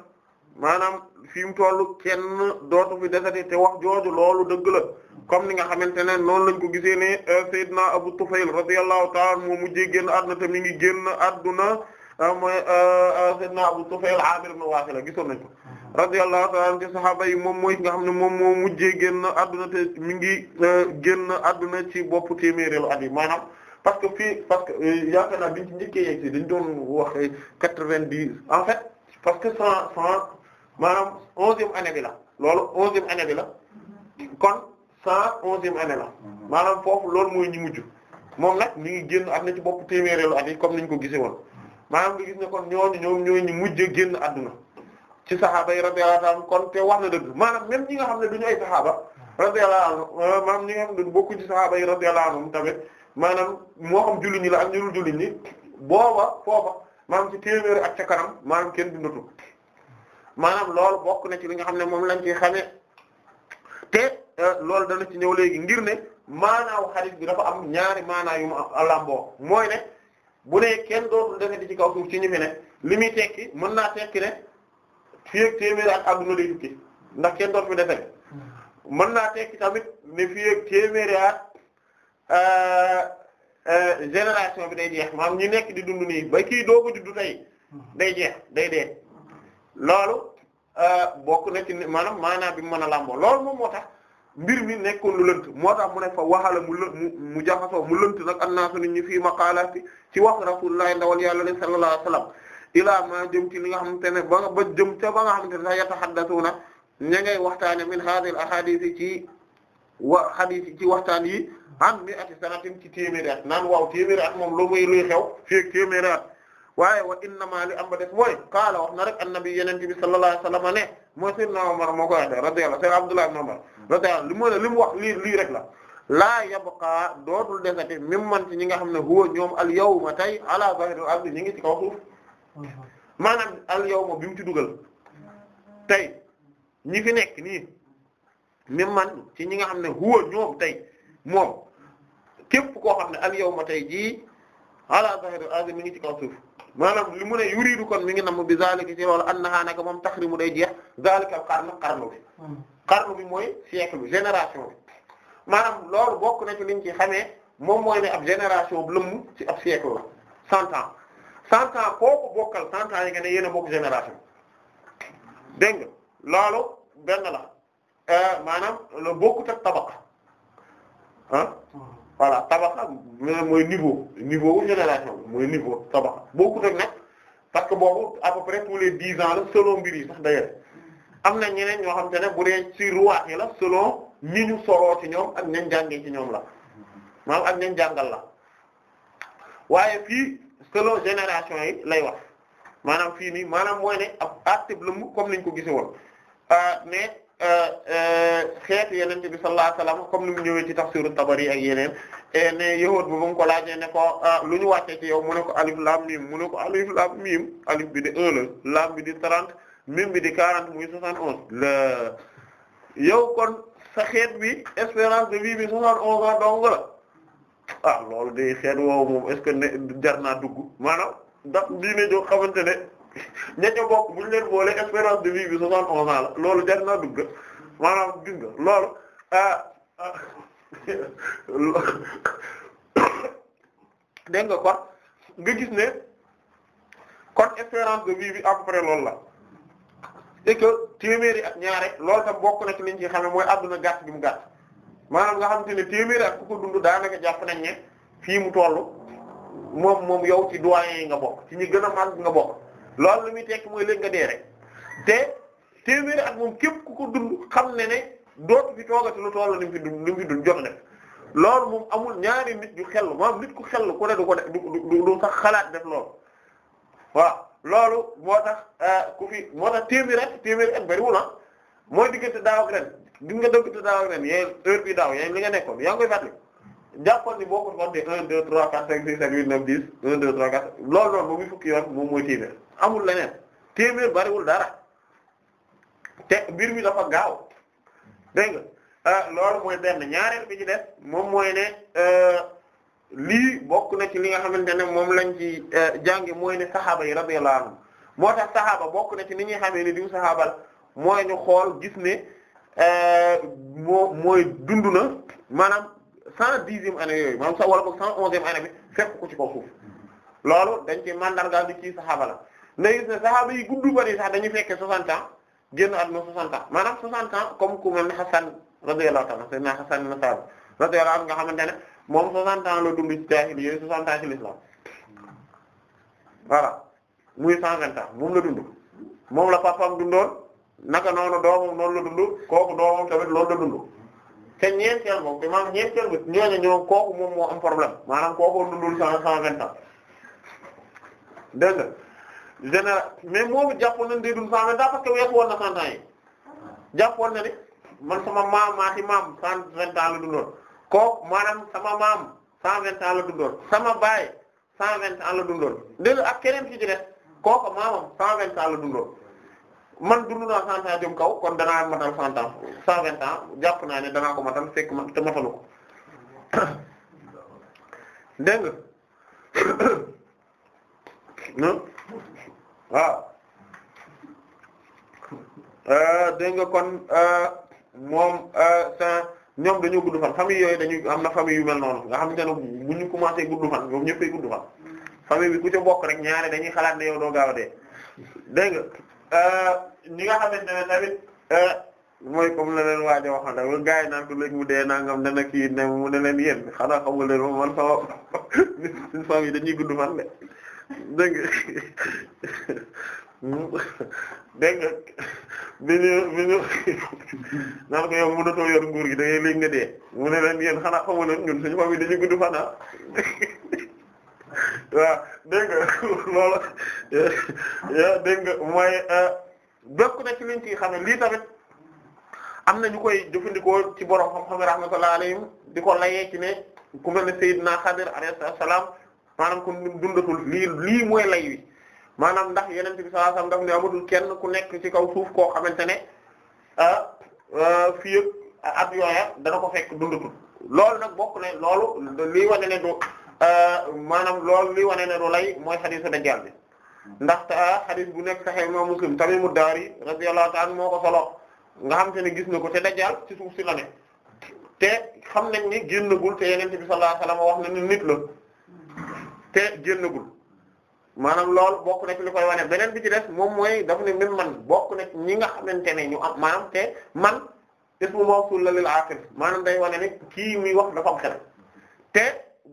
maanaam fi mu toll kenn dootu fi desati te wax jooju loolu dëgg la comme ni nga xamante ne noonu lañ ko gisee ne euh, Seydina Abu Tufayl radiyallahu ta'ala moo mujjee génn àdduna te mi ngi génn àdduna a ah mooy ah, ah, sayyidna Abu Tufayl Amir ibn Wasila gisoon nañ ko uh-huh. radiyallahu ta'ala anhu ci sahaaba yi moom mooy nga xam ne moom moo mujje mujjee génn adduna te mi ngi eh, génn adduna ci boppu téeméeréelu at yi maanaam parce que fii parce que eh, yaakaar naa biñ ci njëkkee yegg si dañ doon wax eh, quatre-vingt-dix en fait parce que cent cent maanaam onzième année bi la loolu onzième année bi la uh-huh. kon cent onzième année la uh-huh. maanaam foofu loolu mooy ñi mujj moom nag mi ngi génn adduna ci boppu téeméeréelu at yi comme niñ ko gisee woon maanaam nga gis kon ñooñu ñoom ñu mujj génn adduna ci saxaaba yi radiyallahu kon te wax na dëgg maanaam même ñi nga xam ne duñu ay saxaaba radiyallahu anhum euh, maanaam ñi nga xam ne bokku ci tamit maanaam moo xam la ak ñu dul jullit ñi booba foofa maanaam ci téeméeri ak ca kanam maanaam kenn dundatu maanaam lool bokk na ci li nga xam ne moom lañ ci xamee te euh, loolu dana ci ñëw léegi ngir ne maanaaw xadiis bi dafa am ñaari maanaa yu mu làmboo mooy ne bu ne kenn dootul defati ci kaw suuf ci ñu fi ne li muy tekki mën naa tekki ne fii ak téeméer ak adduna day tukki ndax kenn dootu fi defati mën naa tekki tamit ne fii ak téeméer ak euh, euh, génération bi day jeex maanaam ñi nekk di dund nii ba kii doogu juddu tey day jeex day dee loolu euh, bokk na ci maanaam maanaam bi mu mën a làmboo lool moom moo tax mbir mi nekkoon lu lënt moo tax mu ne fa waxala mu lë mu mu jaxasoo mu lënt nag annaasu nit ñi fii maqaalaati ci wax rasulullah ndawal yàlla ne sallallahu alayhi wasallam ilaa ma jëm ci li nga xamante ne ba ba jëm ca ba nga xamante ne sax yatahaddasuuna ña ngay waxtaane min hadhihi al ahadith ci wa hadith ci waxtaan yi an mi ati sanatin ci téeméeri at naan waaw téeméeri at moom lu muy luy xew fii ak téeméeri waaye wa innama li am ba def mooy qaala wax na rek annabi yeneen bi sallallahu alayhi wasallam ne mooy sayyidna Umar moo ko waxee radiyallahu sayyid Abdullah ibn Umar radiyallahu li mu ne li mu wax lii lii rek la laa yabqa dootul desati man ci ñi nga xam ne huwa ñoom al yawma tey ala zahril ardi ñi ngi ci kaw suuf maanaam al yawma bi mu ci dugal tey ñi fi nekk nii man ci ñi nga xam ne huwa ñoom tey moom képp ko xam ne al yawma tey jii ala zahril ardi mi ngi ci maanaam li mu ne yuriidu kon mi ngi nam bi zalika ci loolu annaha naka moom tahrimu day jeex daal qarnu qarnu bi hmm. qarnu bi mooy siècle bi génération bi maanaam loolu bokk na ci liñ ci xamee moom mooy ne ab génération bu lëmm ci ab siècle la cent ans kooku bokkal cent ans yi nga ne yéen a bokk génération dégg loolu benn la euh, maanaam la bokkut ak tabaq ah? hmm. voilà tabaxa mooy niveau niveau génération mooy niveau tabaxa bokkut ak nag parce que boo à peu près tous les dix ans la selon mbir sax d'ailleurs am na ñeneen ñoo xam te ne bu dee ci ruwaat yi la selon ni ñu soloo ci ñoom ak ñañ jàngee ci ñoom la maanaam ak ñañ jàngal la waaye fii selon génération yi lay wax maanaam fii nii maanaam mooy ne ab article comme niñ ko gise woon euh, mais Euh, euh, xeet yeneen bi sallallahu alayhi wasallam comme ni mu ñëwee ci tafsiru Tabari ak yeneen e ne yahuud bu mu ko laajee ne ko ah, lu ñu wàccee ci yow mu ne ko alif lam mim mu ne ko alif lam mim alif bi di un la lam bi di trente mim bi di quarante muy soixante onze la yow kon sa xeet bi espérance de vie soixante onze ans dong la ah loolu day xeet woowu moom est-ce que ne jar naa dugg maanaam ndax diine xamante ne ñaño bokk bu ñu boole espérance de vie bi soixante onze ans la loolu jar naa dugg maanaam gis nga loolu ah, ah, dégg nga kon nga gis ne kon espérance de vie bi à peu près loolu la et que téeméeri ak ñaare loolu tam bokk na ci liñ ci xamee mooy àdduna gàtt bi mu gàtt maanaam nga xam te ne téeméeri ak ku ko dund daanaka jàpp nañ ne fii mu toll moom moom yow ci doyen yi nga bokk ci ñu gën a màgg nga bokk loolu lu muy tekk mooy léegi nga dee rek te téeméeri at moom képp ku ko dund xam ne ne dootu fi toogati lu toll ni mu fi dund ni mu jot def loolu moom amul ñaari nit yu xel moom nit ku xel ku ne du ko def du du sax xalaat def loolu waaw loolu moo tax euh, ku fi moo tax téeméeri at téeméeri at bariwul ah mooy diggante daaw ak ren gis nga diggante daaw ak ren yéen bi daaw yéen li nga nekkoon yaa ngi koy fàttali. jàppoon ni boo ko compter 1 2 3 4 5 6 7 8 9 10 1 2 fukki yoon moom mooy téeméer amul leneen téeméer bariwul dara te mbir mi dafa gaaw dégg nga ah, loolu mooy benn ñaareel bi moom mooy ne euh, lii bokk na ci li nga xamante ne moom lañ ci euh, jànge mooy ne saxaaba yi radiyallahu anhum moo tax saxaaba bokk na ci li nga xamee ni diw saxaabal mooy ñu xool gis ne euh, moo mooy dund na cent dixième année yooyu maanaam sax wala boog cent onzième année bi fekk ko ci kaw suuf loolu dañ ci mandargaal bi ci saxaaba la léegi gis ne saxaaba yi gudd bari sax dañuy fekkee soixante ans génn na soixante ans maanaam soixante ans comme ku mel ne Hasan radiyallahu ta'ala sayyidina Hasan ibn Sabit radiyallahu anhu nga xamante ne moom soixante ans la dund ci jaahiliyya soixante ans ci l'islam voilà muy cent vingt ans moom la dund moom la papaam dundoon naka noonu doomam noonu la dund kooku doomam tamit loolu la dund te ñeenteel boobu maanaam ñeenteel bi ñooñu ñoo kooku moom moo am problème maanaam kooku dundul cent cent vingt ans dégg nga général mais moomu jàppoon na ndéedul cent vingt ans parce que weesu woon na cent ans yi jàppoon na ni man sama maam maati maam cent vingt ans la dundoon kooku maanaam sama maam cent vingt ans la dundoon sama baay cent vingt ans la dundoon dégg ak keneen fi ci def kooku maamam cent vingt ans la dundoon. man dund naa cent ans kaw kon danaa matal cent ans cent vingt ans jàpp naa ne danaa ko matal fekk ma te matalu ko dégg nga hmm? waaw euh, dégg kon euh, moom euh, cent ñoom dañoo gudd fan famille yooyu dañuy am na famille yu mel noonu nga xamante ne bu ñu commencé gudd fan ñoom ñëppay gudd fan famille bi ku bokk rek ñaare dañuy xalaat ne yow doo gaaw a dee dégg Euh, ñi nga xamante ne tamit euh, mooy comme la leen waajo waxan da gas yi naan ko léegi mu dee nangam dana kii ne mu ne leen yéen xanaa xamul leen moom man sama suñu famille dañuy gudd fan de dégg nga dégg nga bi ñu bi ñu naan ko yow mënatoo yor nguur gi da ngay léegi nga dee mu ne leen yéen xanaa xamul leen ñun suñu famille dañuy gudd fan ah waaw dégg nga loolu dégg nga mooy euh, bokk na ci liñ ci xam ne lii tamit am na ñu koy jëfandikoo ci borom xam-xam yi rahmatullahi alayhim di ko layee ci ne ku mel ne Seydina Xadir alayhi salaam maanaam ku dundatul lii lii mooy lay maanaam ndax yeneen bi sallallahu alayhi wasallam daf kenn ku nekk ci kaw suuf koo xamante ne euh, euh, fii ak dana ko fekk dundatul loolu nag bokk ne loolu lii wane ne du maanaam loolu lii wane ne du lay mooy xadiisu Dajjaal bi ndaxte ah, xadis bu nekk Sahih Imam Muslim Tamimu Daari radiyallahu ta'ala moo ko solo nga xam te ne gis na ko te Dajjal ci suuf si la ne te xam nañ ni génnagul te Yonent bi sallallahu alayhi wasallam wax na ni nit la te génnagul maanaam loolu bokk na ci li koy wane beneen bi ci des moom mooy dafa ne même man bokk na ci ñi nga xamante ne ñu am maanaam te man ismu mawsul la lil aaxir maanaam day wane ne kii muy wax dafa am xel te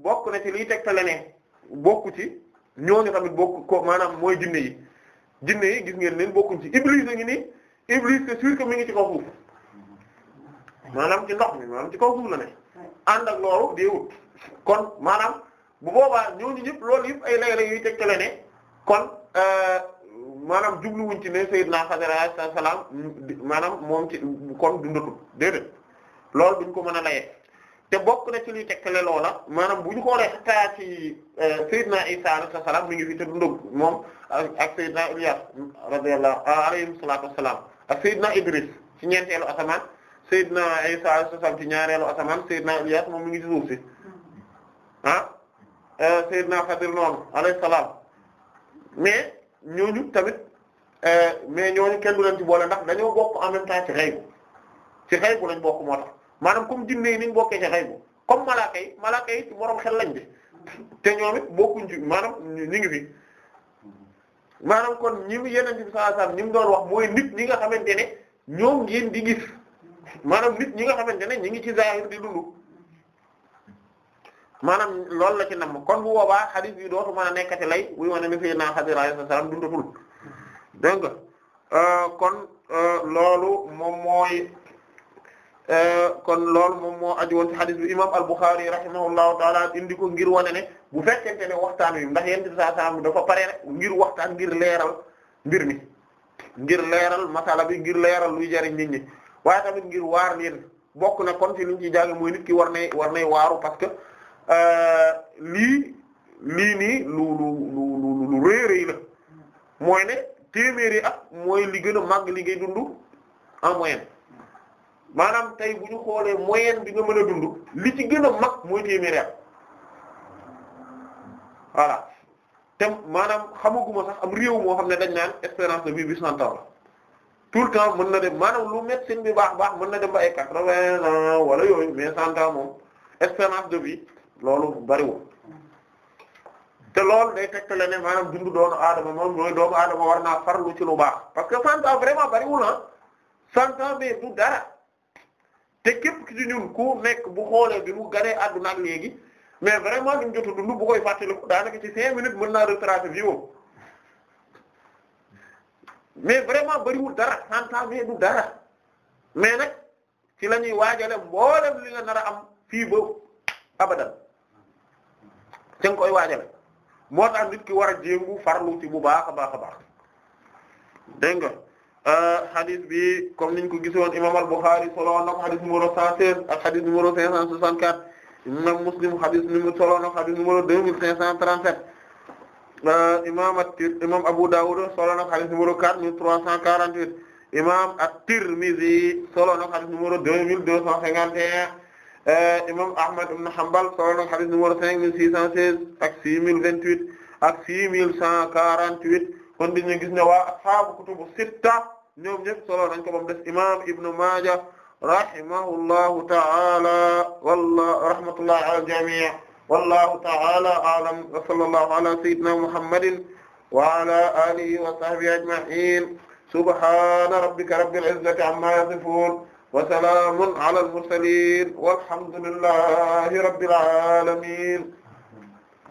bokk na ci liy tegtale ne bokk ci. ñooñu tamit bokk ko maanaam mooy jinne yi jinne yi gis ngeen leen bokkuñ ci iblis a ngi nii iblis c'est sûr que ngi ci kaw suuf maanaam ci ndox mi maanaam ci kaw suuf la ne ànd ak loolu dee wut kon maanaam bu boobaa ñooñu yëpp loolu yëpp ay lay la yuy tegtale ne kon euh, maanaam jubluwuñ ci ne Seydina Xadira alayhi salaam maanaam moom ci kon dundatul déedéet loolu duñ ko mën a layee te bokk na ci luy tekkale loola maanaam bu ñu xoolee xataa ci euh, Seydina Isa alayhi salaam mi ngi fi te dundug moom ak Seydina na radiyallahu alayhi salaatu wassalaam ak Seydina Idris ci ñeenteelu asamaan Seydina Isa alayhi salaam ci ñaareelu moom mi ngi suuf si ah euh, Seydina Xadir noonu alayhi salaam mais ñooñu tamit euh, mais ñooñu kenn du leen ci boole ndax dañoo bokk en même temps ci xëy ci xëy lañ bokk moo maanaam comme jinne yi niñ bokkee ci xaybu comme malaaka yi malaaka yi ci xel lañ bi te ñoom it bokkuñ ci maanaam ñu ngi fi maanaam kon ñi mu yeneen bi sallallahu alayhi wasallam ñi mu doon wax mooy nit ñi nga xamante ne ñoom ngeen di gis maanaam nit ñi nga xamante ne ñi ngi ci zahir di loolu la ci nam kon bu boobaa hadith bi dootu mën a nekkati lay wuy wane ni fii naa Xadir alayhi salaam dundatul dégg nga euh, kon euh, loolu moom mooy Euh, kon loolu moom moo aju woon ci hadith bi imam al-Bukhari rahimahullahu taala indi ngir wane ne bu fekkente ne waxtaan wi ndax yent bi saa salam dafa pare rek ngir waxtaan ngir leeral mbir mi ngir leeral masala bi ngir leeral luy jariñ nit ñi waaye tamit ngir waar leen bokk na kon ci liñ jàng mooy nit ki war nay war nay waaru parce que euh, lii lii nii lu lu lu rëy rëy la mooy ne téeméeri at mooy li gën a màgg li ngay dund maanaam tey bu ñu xoolee moyenne bi nga mën a dund li ci gën a mag mooy téeméeri at te maanaam xamaguma sax am réew moo xam ne dañ naan espérance de vie huit cent la tout le temps mën na dem maanaam lu médecine bi baax baax mën na dem ba ay quatre-vingts ans wala yooyu mais cent ans moom espérance de vie loolu bariwul te loolu day tegtale ne maanaam dundu doomu aadama moom mooy doomu aadama war naa farlu ci lu baax parce que cent ans vraiment bariwul ah cent ans te képp ki ci ñun ku mekk bu xoolee bi mu ganee àdduna ak léegi mais vraiment li mu jot a dund bu koy fàttaliku daanaka ci cinq minutes mën naa retracer vie boobu mais vraiment bariwul dara santan mais du dara mais nag ci lañuy ñuy waajale mboolem li nga nar am fii ba abadan te koy waajale moo tax nit ki war a jéngu farlu ci bu baax a baax a baax dégg nga Euh, hadith bi comme niñ ko gisoon imam al-Bukhari solo na ko hadith numéro 116 ak hadith numéro 564 imam Muslim hadith numéro solo na ko hadith numéro 2537 euh, imam at-Tirmidhi imam Abu Dawud solo na ko hadith numéro 4348 imam at-Tirmidhi solo na ko hadith numéro 2251 euh, imam Ahmad ibn Hanbal solo na ko hadith numéro 5616 ak 6028 ak 6148 kon di ñu gis ne waa ashaabu kutubu sitta ñoom ñëpp solo nañ ko bam des imam ibnu maaja rahimahullahu ta'ala walla rahmatullahi ala al-jami' wallahu ta'ala a'lam wa sallallahu ala sayyidina muhammadin wa ala alihi wa sahbihi ajma'in subhana rabbika rabbil izzati amma yasifun wa salamun ala al-mursalin walhamdulillahi rabbil alamin